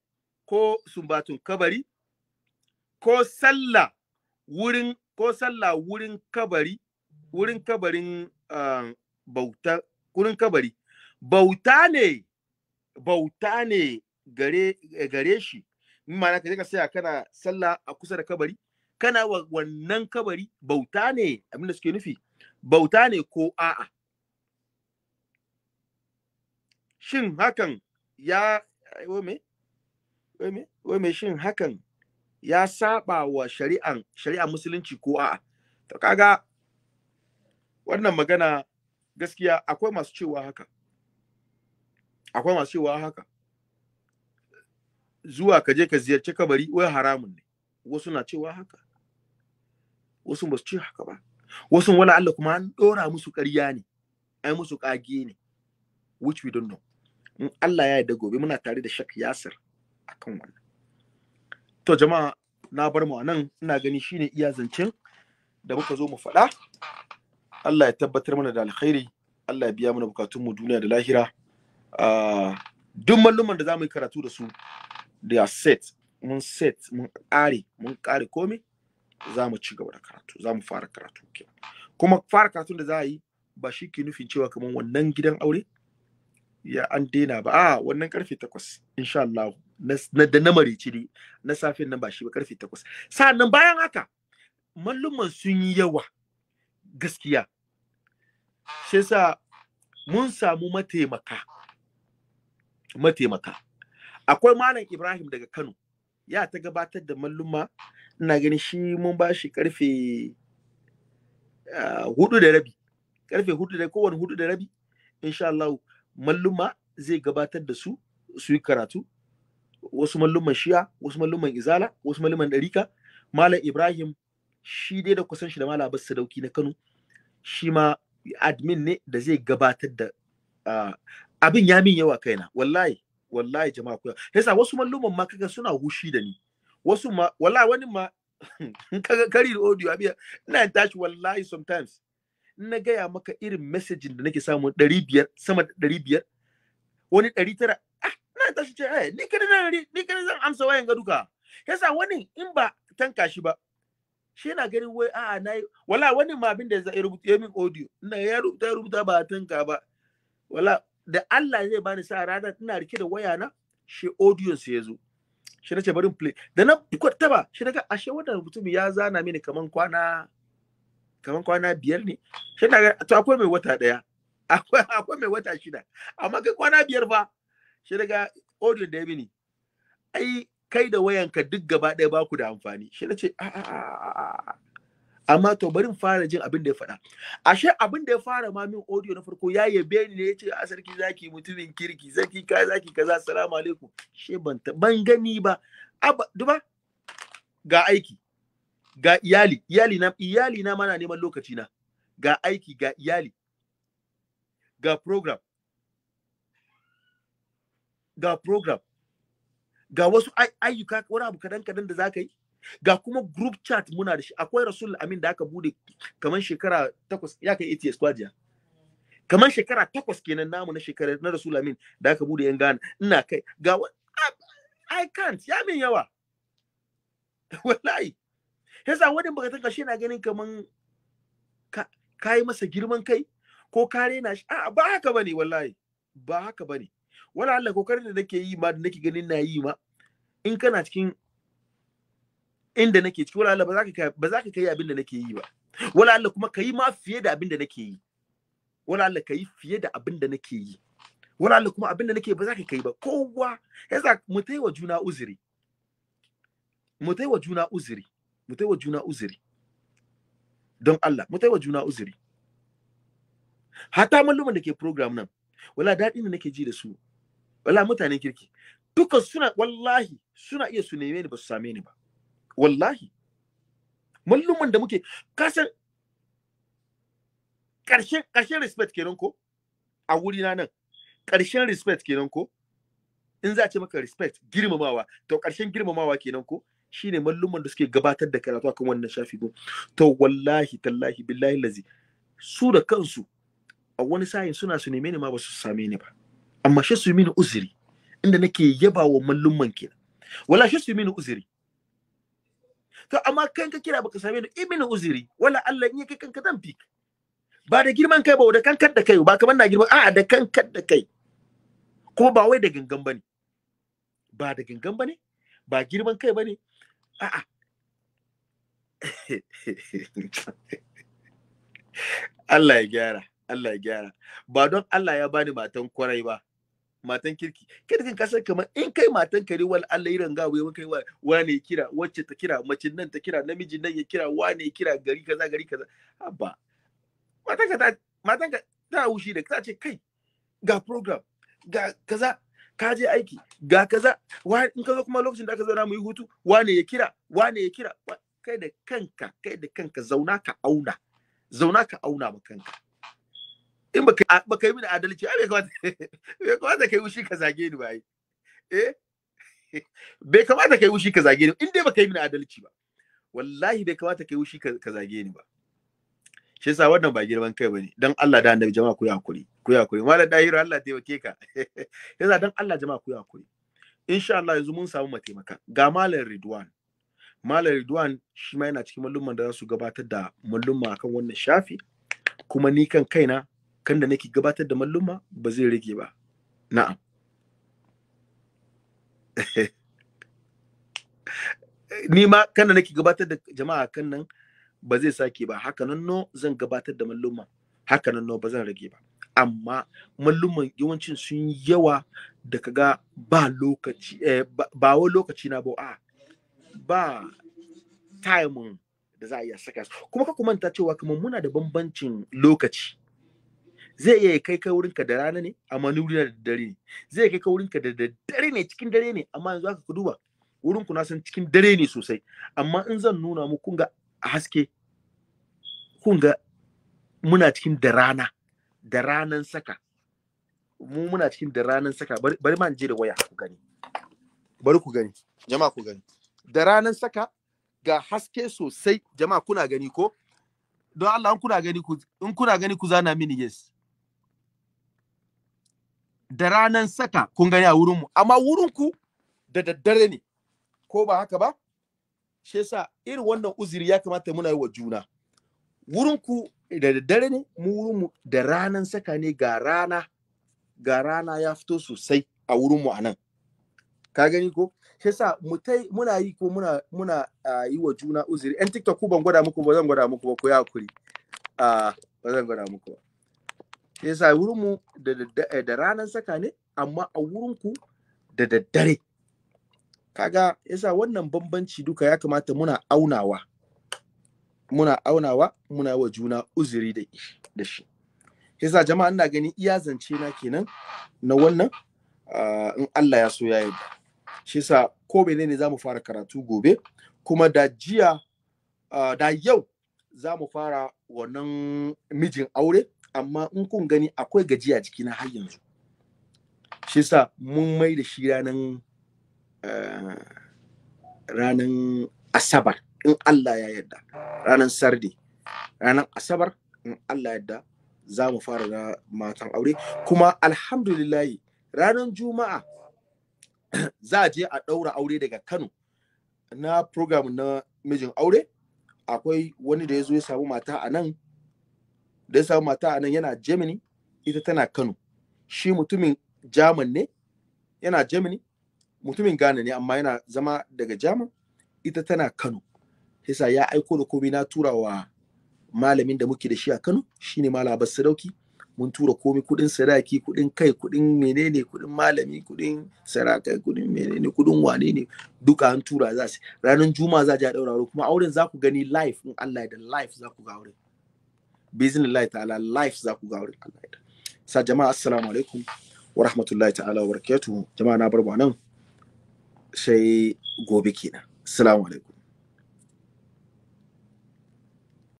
ko sumbatun kabari ko sallah wurin ko sallah wurin kabari wurin kabarin uh, bauta wurin kabari bauta ne bauta ne gare gare shi ma'ana ka ka saya kana sallah a kusa da kabari kana wannan kabari bauta ne abinda suke nufi bauta ne ko a'a shin hakan ya wai me shin hakan ya saba wa shari'an shari'a musulunci ko a'a to kaga wannan magana gaskiya akwai masu cewa haka akwai masu cewa haka zuwa ka je ka ziyarci kabari wai haramun ne wasu na cewa haka wasu ba su ce haka ba wasu wani Allah kuma an dora musu ƙarya ne ai musu ƙage ne which we don't know in Allah ya yarda gobe muna tare da Sheikh Yasir akan wannan to jama'a na bar mu nan ina gani shine iya zancen da muka zo mu faɗa Allah ya tabbatar mana da alkhairi Allah ya biya mana bukatun mu duniya da lahira ah, duk malluman da za mu yi karatu da su they are set mun set mun ƙare mun ƙare komai za mu ci gaba da karatu za fara karatu kuma fara karatun da za a yi ba shi ke nufin cewa kamar wannan gidan aure ya an daina ba a wannan karfe takwas insha Allah na da na marici ne na safin nan ba shi ba karfe takwas sa'annan bayan haka malluman sun yi yawa gaskiya shi yasa mun samu mataimaka mataimaka akwai malam Ibrahim daga Kano ya ta gabatar da malluma ina ganin shi mun ba shi karfe ah, hudu da rabi karfe hudu da kowane hudu da rabi insha Allah malluma zai gabatar da su su yi karatu wasu malluman shiya wasu malluman izala wasu malluman ɗarika malam ibrahim shi dai da kusan shi da malam abbas sadauki na kano shi ma admin ne da zai gabatar da abin ya min yawa kaina wallahi wallahi jama'a kuya yasa wasu malluman ma kaga suna hushi da ni wasu ma wallahi wani ma kaga kari da audio abiya ina tashi wallahi sometimes na gaya maka irin messaging da nake samu 500 biyar sama da 500 biyar wani 900 tara ah na tashi ce eh ni kada na ni kada zan amsa wayan ga duka yasa wani in ba tanka shi ba shi yana ganin wai a'a na yi wala wani ma abin da ya rubuta ya min audio ina ya rubuta ya rubuta ba tanka ba wala da Allah zai bani sa rana ina rike da waya na shi audio sai ya zo shi na ce barin play da na ba shi daga ashe wannan mutum ya zana mini kaman kwana kamar kwana biyar ne shi to akwai mai wata daya akwai mai wata shida amma kai kwana biyar fa shi daga audio da mini ai kai da wayanka duk gaba ɗaya baku da amfani shi na ce amma to bari fara jin abin da ya faɗa ashe abin da ya fara ma min audio na farko ya yabe ni ne ya ce a ah, sarki zaki mutumin kirki zaki ka zaki kaza assalamu alaikum shi ban ban gani ba duba ga aiki ga iyali iyali na iyali na mana neman lokaci na ga aiki ga iyali ga program ga program ga wasu ayyuka wani abu kadan kadan da zaka yi ga kuma group chat muna da shi akwai rasul amin da aka bude kamar shekara takwas ya kai ats kwajiya kamar shekara takwas kenan namu na shekara na rasul amin da aka bude yan gana ina kai ga i can't ya min yawa wallahi yasa wani baka ta kashe na ganin kaman ka yi masa girman kai ko ka rena shi a'a ba haka bane wallahi ba haka bane wala Allah kokarin da nake yi ma da nake ganin na yi ma in kana cikin inda nake ciki wala Allah ba za ka ba za ka kai abin da nake yi ba wala Allah kuma kai ma fiye da abin da nake yi wala Allah kai fiye da abin da nake yi wala Allah kuma abin da nake ba za ka kai ba kowa yasa mu taiwa juna uzuri mu taiwa juna uzuri mutai wa juna uzuri don Allah mutai wa juna uzuri hata malluman da ke program nan wala daɗin da nake ji da su wala mutanen kirki dukan suna wallahi suna iya su neme ni ba su same ni ba wallahi malluman da muke kasan ƙarshen ƙarshen respect kenan ko a wuri na nan ƙarshen respect kenan ko in za a ce maka respect girmamawa to ƙarshen girmamawa kenan ko shine malluman da suke gabatar da karatu akan wannan shafi ko to wallahi tallahi billahi lazi su da kansu a wani sa'in suna su neme ni ma ba su same ni ba amma shi su yi mini uzuri inda nake yaba wa malluman ke. wala shi su yi mini uzuri to amma kan ka kira baka same ni mini uzuri wala Allah in yake kanka zan fika ba da girman kai ba da kankar da kai ba kamar na girman a'a da kankar da kai kuma ba wai da gangan bane ba da gangan bane ba girman kai bane a'a Allah ya gyara Allah ya gyara ba don Allah ya bani matan kwarai ba matan kirki Kada kan kasar kamar in kai matan kare wal Allah irin ga wai kai wane kira wacce ta kira mace nan ta kira namiji nan ya kira wane kira gari kaza gari kaza Abba, matan ka ta matan ka ta wushi da ta ce kai ga program ga kaza ka je aiki ga kaza in ka zo kuma lokacin da aka zauna mu yi hutu wane ya kira wane ya kira kai da kanka kai da kanka zauna ka auna zauna ka auna ma kanka in baka baka yi mini adalci ai bai kamata bai kamata kai wushi ka zage ni ba eh bai kamata kai wushi ka zage ni in dai baka yi mini adalci ba wallahi bai kamata kai wushi ka zage ni ba shi yasa wannan ba girman kai bane dan Allah da annabi jama'a ku yi hakuri ku yi hakuri malam dahiru Allah taimake ka yasa dan Allah jama'a ku yi hakuri insha Allah yanzu mun samu mataimaka ga malam Ridwan malam Ridwan shi ma yana cikin mallumman da za su gabatar da mallumma akan wannan shafi kuma ni kan kaina kan da nake gabatar da mallumma ba zai rage ba na'am ni ma kan da nake gabatar da jama'a kan nan ba zai sake ba haka nan no zan gabatar da malluma haka nan no ba zan rage ba amma malluman yawancin sun yawa da kaga ba lokaci eh, ba wani lokaci na ba a ba time da za a iya saka su kuma ka manta cewa kamar muna da bambancin lokaci zai iya kai kai wurinka da rana ne amma ni wurin da dare ne zai kai kai wurinka da dare ne cikin dare ne amma yanzu aka duba wurin ku na san cikin dare ne sosai amma in zan nuna muku ga haske kun ga muna cikin da rana da ranan saka mu muna cikin da ranan saka bari ma je da waya ku gani bari ku gani jama'a ku gani da ranan saka ga haske sosai jama'a kuna gani ko don Allah in kuna gani ku in kuna gani ku zana mini yes da ranan saka kun gani a wurinmu amma wurinku da daddare ne ko ba haka ba shi yasa irin wannan uzuri ya kamata muna yi wa juna Wurinku da daddare ne mu wurin mu da ranan saka ne ga rana ga rana ya fito sosai a wurin mu anan ka gani ko shi yasa muna yi ko muna muna yi wa juna uzuri yan tiktok ku ban gwada muku ba zan gwada muku ba ku ya hakuri a ba zan gwada muku ba shi yasa wurin mu da ranan saka ne amma a wurinku da daddare kaga yasa wannan bambanci duka ya kamata muna aunawa muna aunawa muna wa juna uzuri da shi yasa jama'a ina gani iya zance na kenan na wannan ah, in Allah ya so ya yi shi yasa ko bene ne zamu fara karatu gobe kuma da jiya ah, da yau za mu fara wannan mijin aure amma in kun gani akwai gajiya jiki na har yanzu shi yasa mun mai da shi ranar Eh, ranan asabar in Allah ya yarda ranar sardi ranar asabar in Allah ya yarda za mu fara da matan aure kuma alhamdulillahi ranar juma'a za a je a ɗaura aure daga kano na program na mijin aure akwai wani da ya zo ya samu mata a nan da ya samu mata a nan yana germany ita tana kano shi mutumin german ne yana germany mutumin Ghana ne amma yana zama daga Jama ita tana Kano yasa ya aiko da komai na tura wa malamin da muke da shi a Kano shine Malam Abbas Sadauki mun tura komai kudin sadaki kudin kai kudin menene kudin malami kudin saraka kudin menene kudin wane ne duka an tura za su ranar juma'a za a daura kuma auren za ku gani life in Allah ya da life za ku ga auren biznillahi ta'ala live za ku ga auren Allah da sa jama'a assalamu alaikum wa rahmatullahi ta'ala wa barakatuhu jama'a na barba nan sai gobe kenan assalamu alaikum